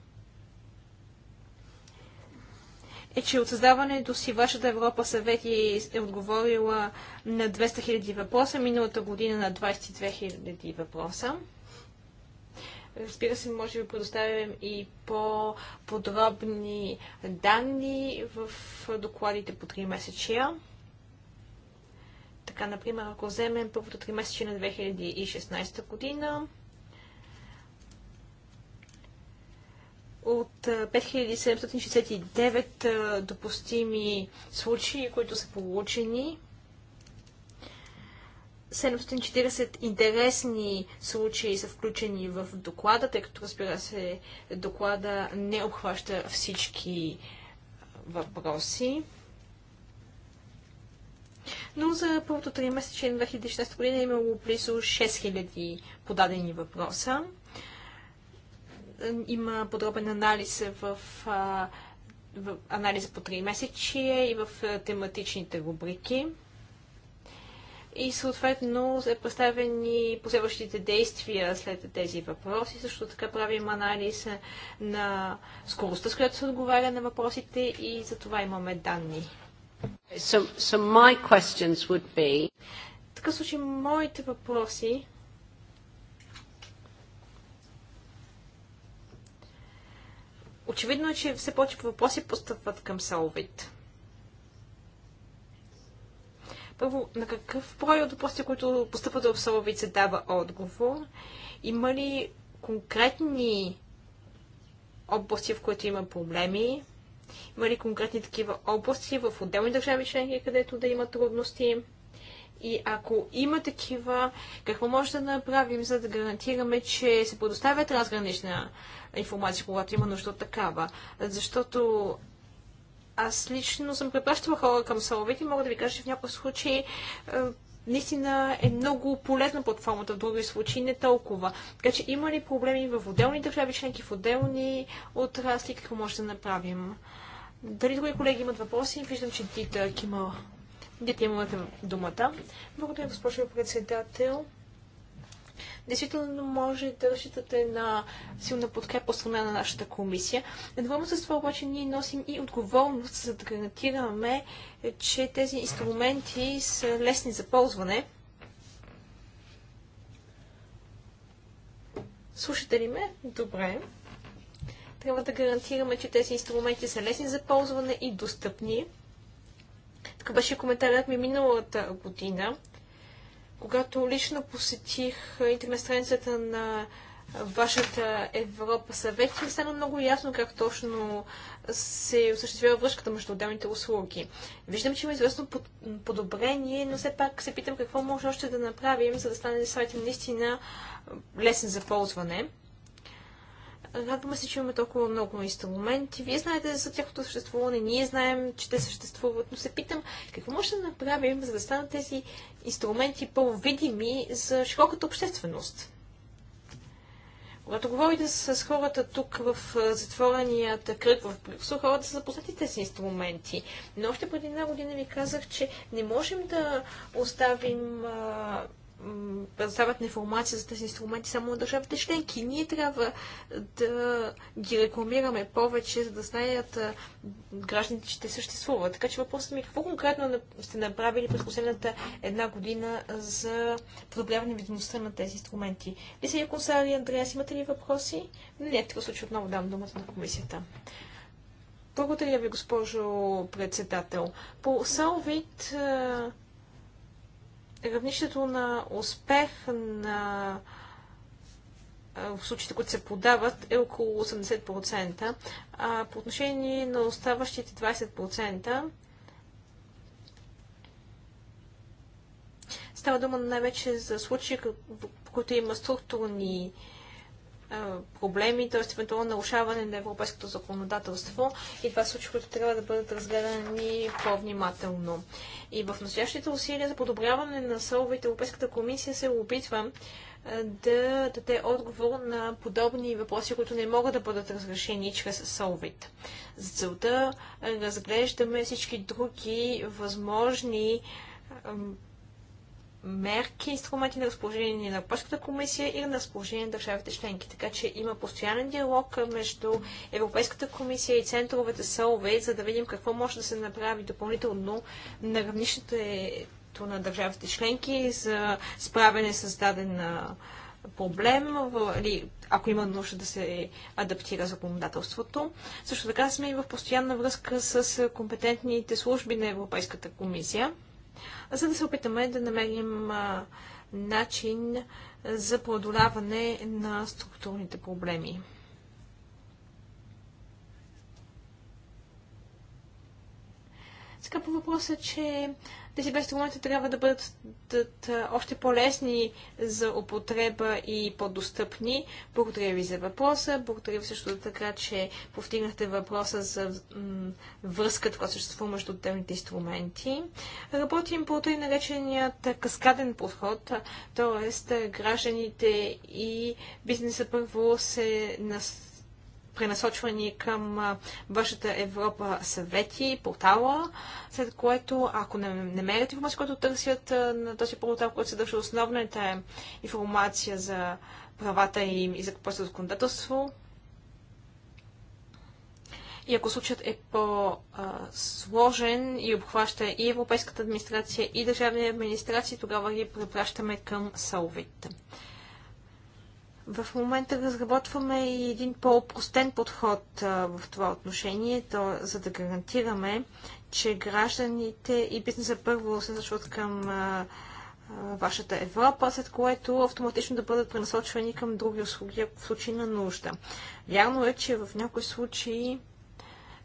е, че от създаването си вашата Европа съвет е, е отговорила на 200 000 въпроса, миналата година на 22 000 въпроса. Разбира се, може да предоставим и по-подробни данни в докладите по 3 месечия. Така, например, ако вземем първото три месече на 2016 година, от 5769 допустими случаи, които са получени, 740 интересни случаи са включени в доклада, тъй като разбира се, доклада не обхваща всички въпроси но за първото 3 месече на 2016 година е имало близо 6000 подадени въпроса. Има подробен анализ в, в, в анализа по 3 месече и в тематичните рубрики и съответно са представени последващите действия след тези въпроси. Също така правим анализ на скоростта, с която се отговаря на въпросите и за това имаме данни. So, so my questions would be... случай моите въпроси Очевидно е, че все повече въпроси постъпват към Салвит. Първо, на какъв брой от въпросите, които постъпват в Салвит, се дава отговор? Има ли конкретни области, в които има проблеми? Има ли конкретни такива области в отделни държави членки, където да има трудности? И ако има такива, какво може да направим, за да гарантираме, че се предоставя разгранична информация, когато има нужда от такава? Защото аз лично съм препращала хора към соловете и мога да ви кажа, че в някои случаи е, наистина е много полезна платформата, в други случаи не толкова. Така че има ли проблеми в отделни държави членки, в отделни отрасли, какво може да направим? Дали други колеги имат въпроси? Виждам, че Дита има, Дита имате думата. Благодаря, госпожо председател. Действително може да разчитате на силна подкрепа от страна на нашата комисия. Едновременно с това обаче ние носим и отговорност, за да гарантираме, че тези инструменти са лесни за ползване. Слушате ли ме? Добре. Трябва да гарантираме, че тези инструменти са лесни за ползване и достъпни. Така беше коментарът ми миналата година когато лично посетих интернет страницата на вашата Европа съвет ми стана много ясно как точно се осъществява връзката между отделните услуги. Виждам, че има известно подобрение, но все пак се питам какво може още да направим, за да стане сайта наистина лесен за ползване. Радваме се, че имаме толкова много инструменти. Вие знаете за тяхното съществуване, ние знаем, че те съществуват, но се питам какво може да направим, за да станат тези инструменти по-видими за широката общественост. Когато говорите с хората тук в затвореният кръг в Брюксел, хората са запознати тези инструменти. Но още преди една година ви казах, че не можем да оставим предоставят информация за тези инструменти само на държавите членки. Ние трябва да ги рекламираме повече, за да знаят гражданите, че те съществуват. Така че въпросът ми е какво конкретно сте направили през последната една година за подобряване видимостта на тези инструменти. Лисия и Андреас, имате ли въпроси? Не, в такъв случай отново дам думата на комисията. Благодаря ви, госпожо председател. По Салвит равнището на успех на в случаите, които се подават, е около 80%. А по отношение на оставащите 20%, става дума най-вече за случаи, в които има структурни а, проблеми, т.е. евентуално нарушаване на европейското законодателство. И това случаи, които трябва да бъдат разгледани по-внимателно. И в настоящите усилия за подобряване на соловите Европейската комисия се опитва да даде отговор на подобни въпроси, които не могат да бъдат разрешени чрез Solvit. За целта разглеждаме всички други възможни мерки, инструменти на разположение на Европейската комисия и на разположение на държавите членки. Така че има постоянен диалог между Европейската комисия и центровете СОВЕ, за да видим какво може да се направи допълнително на равнището на държавите членки за справяне с даден проблем, или ако има нужда да се адаптира законодателството. Също така сме и в постоянна връзка с компетентните служби на Европейската комисия за да се опитаме да намерим начин за преодоляване на структурните проблеми. Сега по въпроса, че тези без трябва да бъдат да, да, още по-лесни за употреба и по-достъпни. Благодаря ви за въпроса. Благодаря ви също така, че повтигнахте въпроса за връзката, която съществува между отделните инструменти. Работим по тъй нареченият каскаден подход, т.е. гражданите и бизнеса първо се нас пренасочвани към вашата Европа съвети, портала, след което, ако не намерят информация, която търсят на този портал, който съдържа основната информация за правата им и за какво е законодателство, и ако случаят е по-сложен и обхваща и Европейската администрация, и държавни администрации, тогава ги препращаме към Салвит. В момента разработваме и един по-простен подход а, в това отношение, то, за да гарантираме, че гражданите и бизнеса първо се насочват към а, вашата Европа, след което автоматично да бъдат пренасочвани към други услуги в случай на нужда. Вярно е, че в някои случаи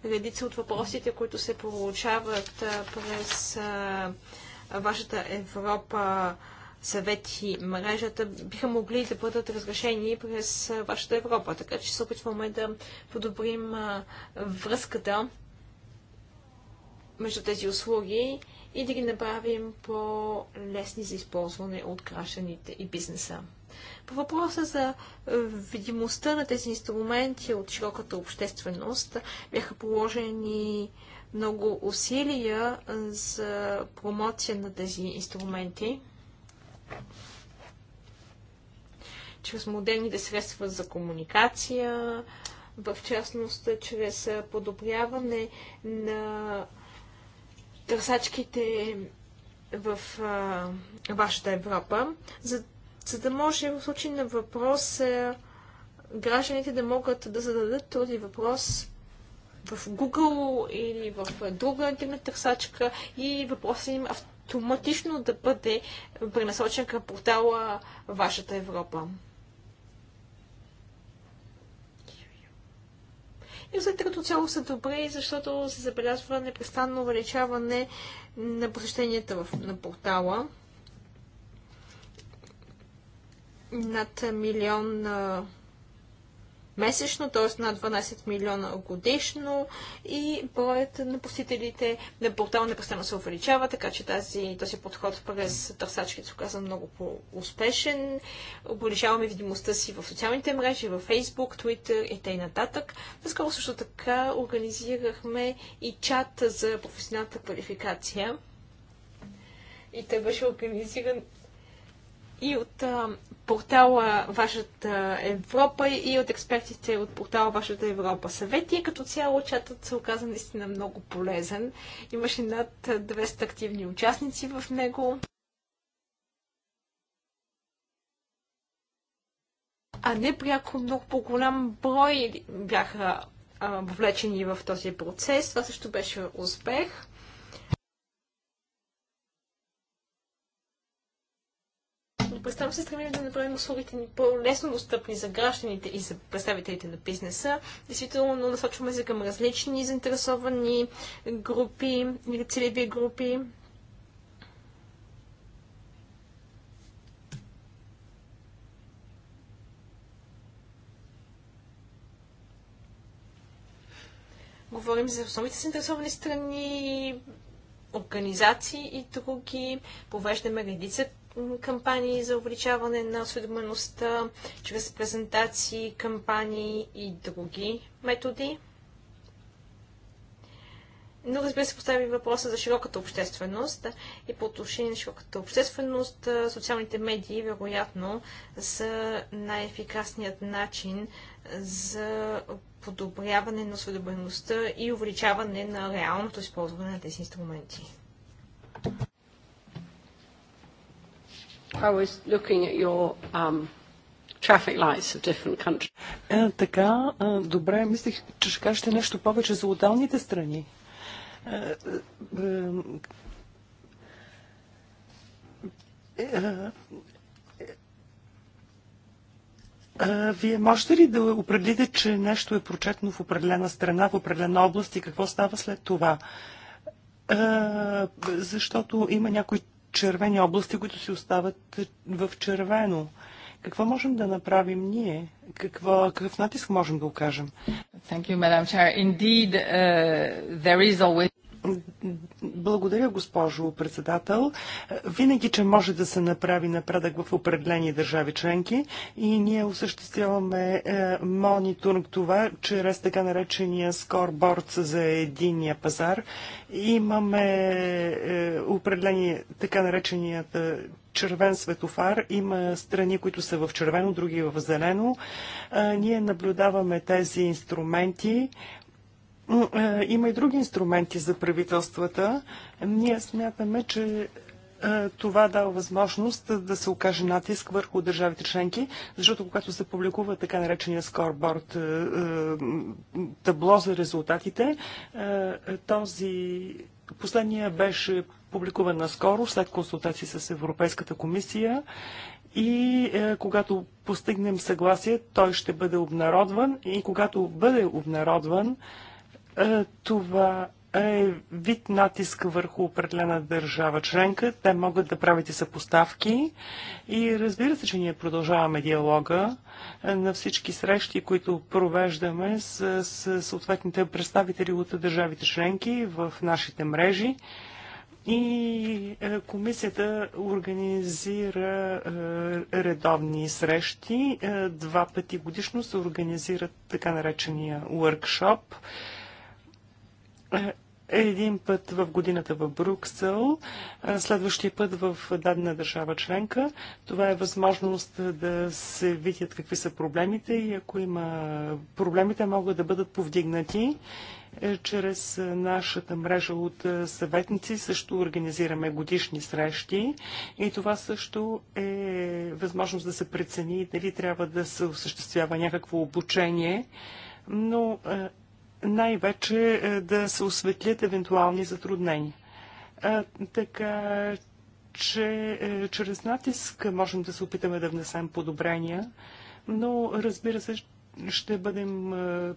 редица от въпросите, които се получават през вашата Европа, съвет и мрежата биха могли да бъдат разрешени през вашата Европа. Така че се опитваме да подобрим връзката между тези услуги и да ги направим по-лесни за използване от гражданите и бизнеса. По въпроса за видимостта на тези инструменти от широката общественост бяха положени много усилия за промоция на тези инструменти чрез модерните средства за комуникация, в частност чрез подобряване на търсачките в а, вашата Европа, за, за да може в случай на въпрос а, гражданите да могат да зададат този въпрос в Google или в друга интернет търсачка и въпросът им автоматично да бъде пренасочен към портала Вашата Европа. Юзите като цяло са добре, защото се забелязва непрестанно увеличаване на посещенията в, на портала. Над милион месечно, т.е. на 12 милиона годишно и броят на посетителите на портала непрестанно се увеличава, така че тази, този подход през търсачки се оказа много по-успешен. Обличаваме видимостта си в социалните мрежи, в Facebook, Twitter и т.н. Наскоро също така организирахме и чат за професионалната квалификация. И той беше организиран и от а, портала Вашата Европа и от експертите от портала Вашата Европа. Съвети е като цяло чатът се оказа наистина много полезен. Имаше над 200 активни участници в него. А не пряко много по-голям брой бяха а, влечени в този процес. Това също беше успех. Непрестанно нали, се стремим да направим услугите ни по-лесно достъпни за гражданите и за представителите на бизнеса. Действително насочваме се към различни заинтересовани групи или целеви групи. Говорим за основните заинтересовани страни, организации и други. Повеждаме редица кампании за увеличаване на осведомеността, чрез презентации, кампании и други методи. Но разбира се постави въпроса за широката общественост и по отношение на широката общественост социалните медии вероятно са най-ефикасният начин за подобряване на осведомеността и увеличаване на реалното използване на тези инструменти. I was looking at your um, traffic lights of different countries. Е, така, е, добре, мислех, че ще кажете нещо повече за отдалните страни. Е, вие можете ли да определите, че нещо е прочетно в определена страна, в определена област и какво става след това? Защото има някои червени области, които си остават в червено. Какво можем да направим ние? Какво, какъв натиск можем да окажем? Thank you, Madam Chair. Indeed, uh, there is always... Благодаря, госпожо председател. Винаги, че може да се направи напредък в определени държави членки и ние осъществяваме е, мониторинг това, чрез така наречения скорборд за единия пазар. Имаме е, определени така нареченията е, червен светофар. Има страни, които са в червено, други в зелено. Ние наблюдаваме тези инструменти е, има и други инструменти за правителствата. Ние смятаме, че е, това дава възможност да се окаже натиск върху държавите членки, защото когато се публикува така наречения скорборд е, табло за резултатите, този последния беше публикуван наскоро след консултации с Европейската комисия и е, когато постигнем съгласие, той ще бъде обнародван и когато бъде обнародван, е, е, това е вид натиск върху определена държава членка. Те могат да правят и съпоставки. И разбира се, че ние продължаваме диалога е, на всички срещи, които провеждаме с, с съответните представители от държавите членки в нашите мрежи. И е, комисията организира редовни срещи. Два пъти годишно се организират така наречения workshop – един път в годината в Бруксел, следващия път в дадена държава членка. Това е възможност да се видят какви са проблемите и ако има проблемите, могат да бъдат повдигнати е, чрез нашата мрежа от съветници също организираме годишни срещи и това също е възможност да се прецени дали трябва да се осъществява някакво обучение, но е, най-вече е, да се осветлят евентуални затруднения. Така че е, чрез натиск можем да се опитаме да внесем подобрения, но разбира се, ще бъдем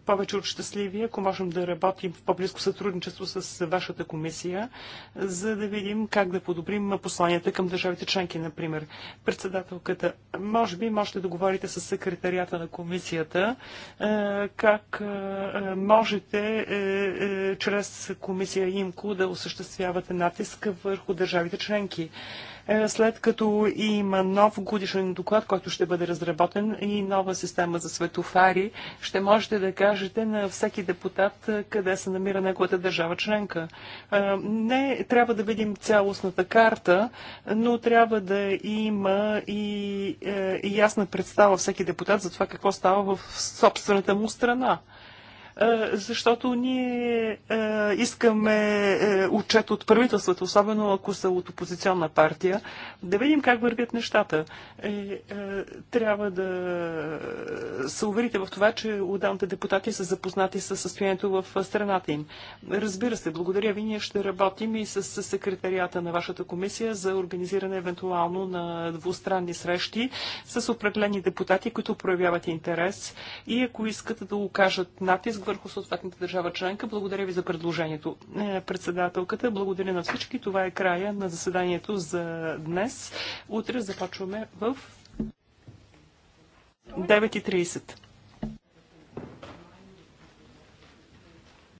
повече от щастливи, ако можем да работим в по-близко сътрудничество с вашата комисия, за да видим как да подобрим посланията към държавите членки, например. Председателката, може би можете да говорите с секретарията на комисията, как можете е, е, чрез комисия ИМКО да осъществявате натиск върху държавите членки. Е, след като има нов годишен доклад, който ще бъде разработен и нова система за светофари, ще можете да кажете на всеки депутат е, къде се намира неговата държава членка. Е, не трябва да видим цялостната карта, но трябва да има и, и ясна представа всеки депутат за това какво става в собствената му страна. Е, защото ние е, искаме е, отчет от правителството, особено ако са от опозиционна партия, да видим как вървят нещата. Трябва да се уверите в това, че отделните депутати са запознати с състоянието в страната им. Разбира се, благодаря ви. Ние ще работим и с секретарията на вашата комисия за организиране евентуално на двустранни срещи с определени депутати, които проявяват интерес и ако искат да окажат натиск върху съответната държава членка. Благодаря ви за предложението. Е, председателката, благодаря на всички. Това е края на заседанието за днес. Утре започваме в 9.30.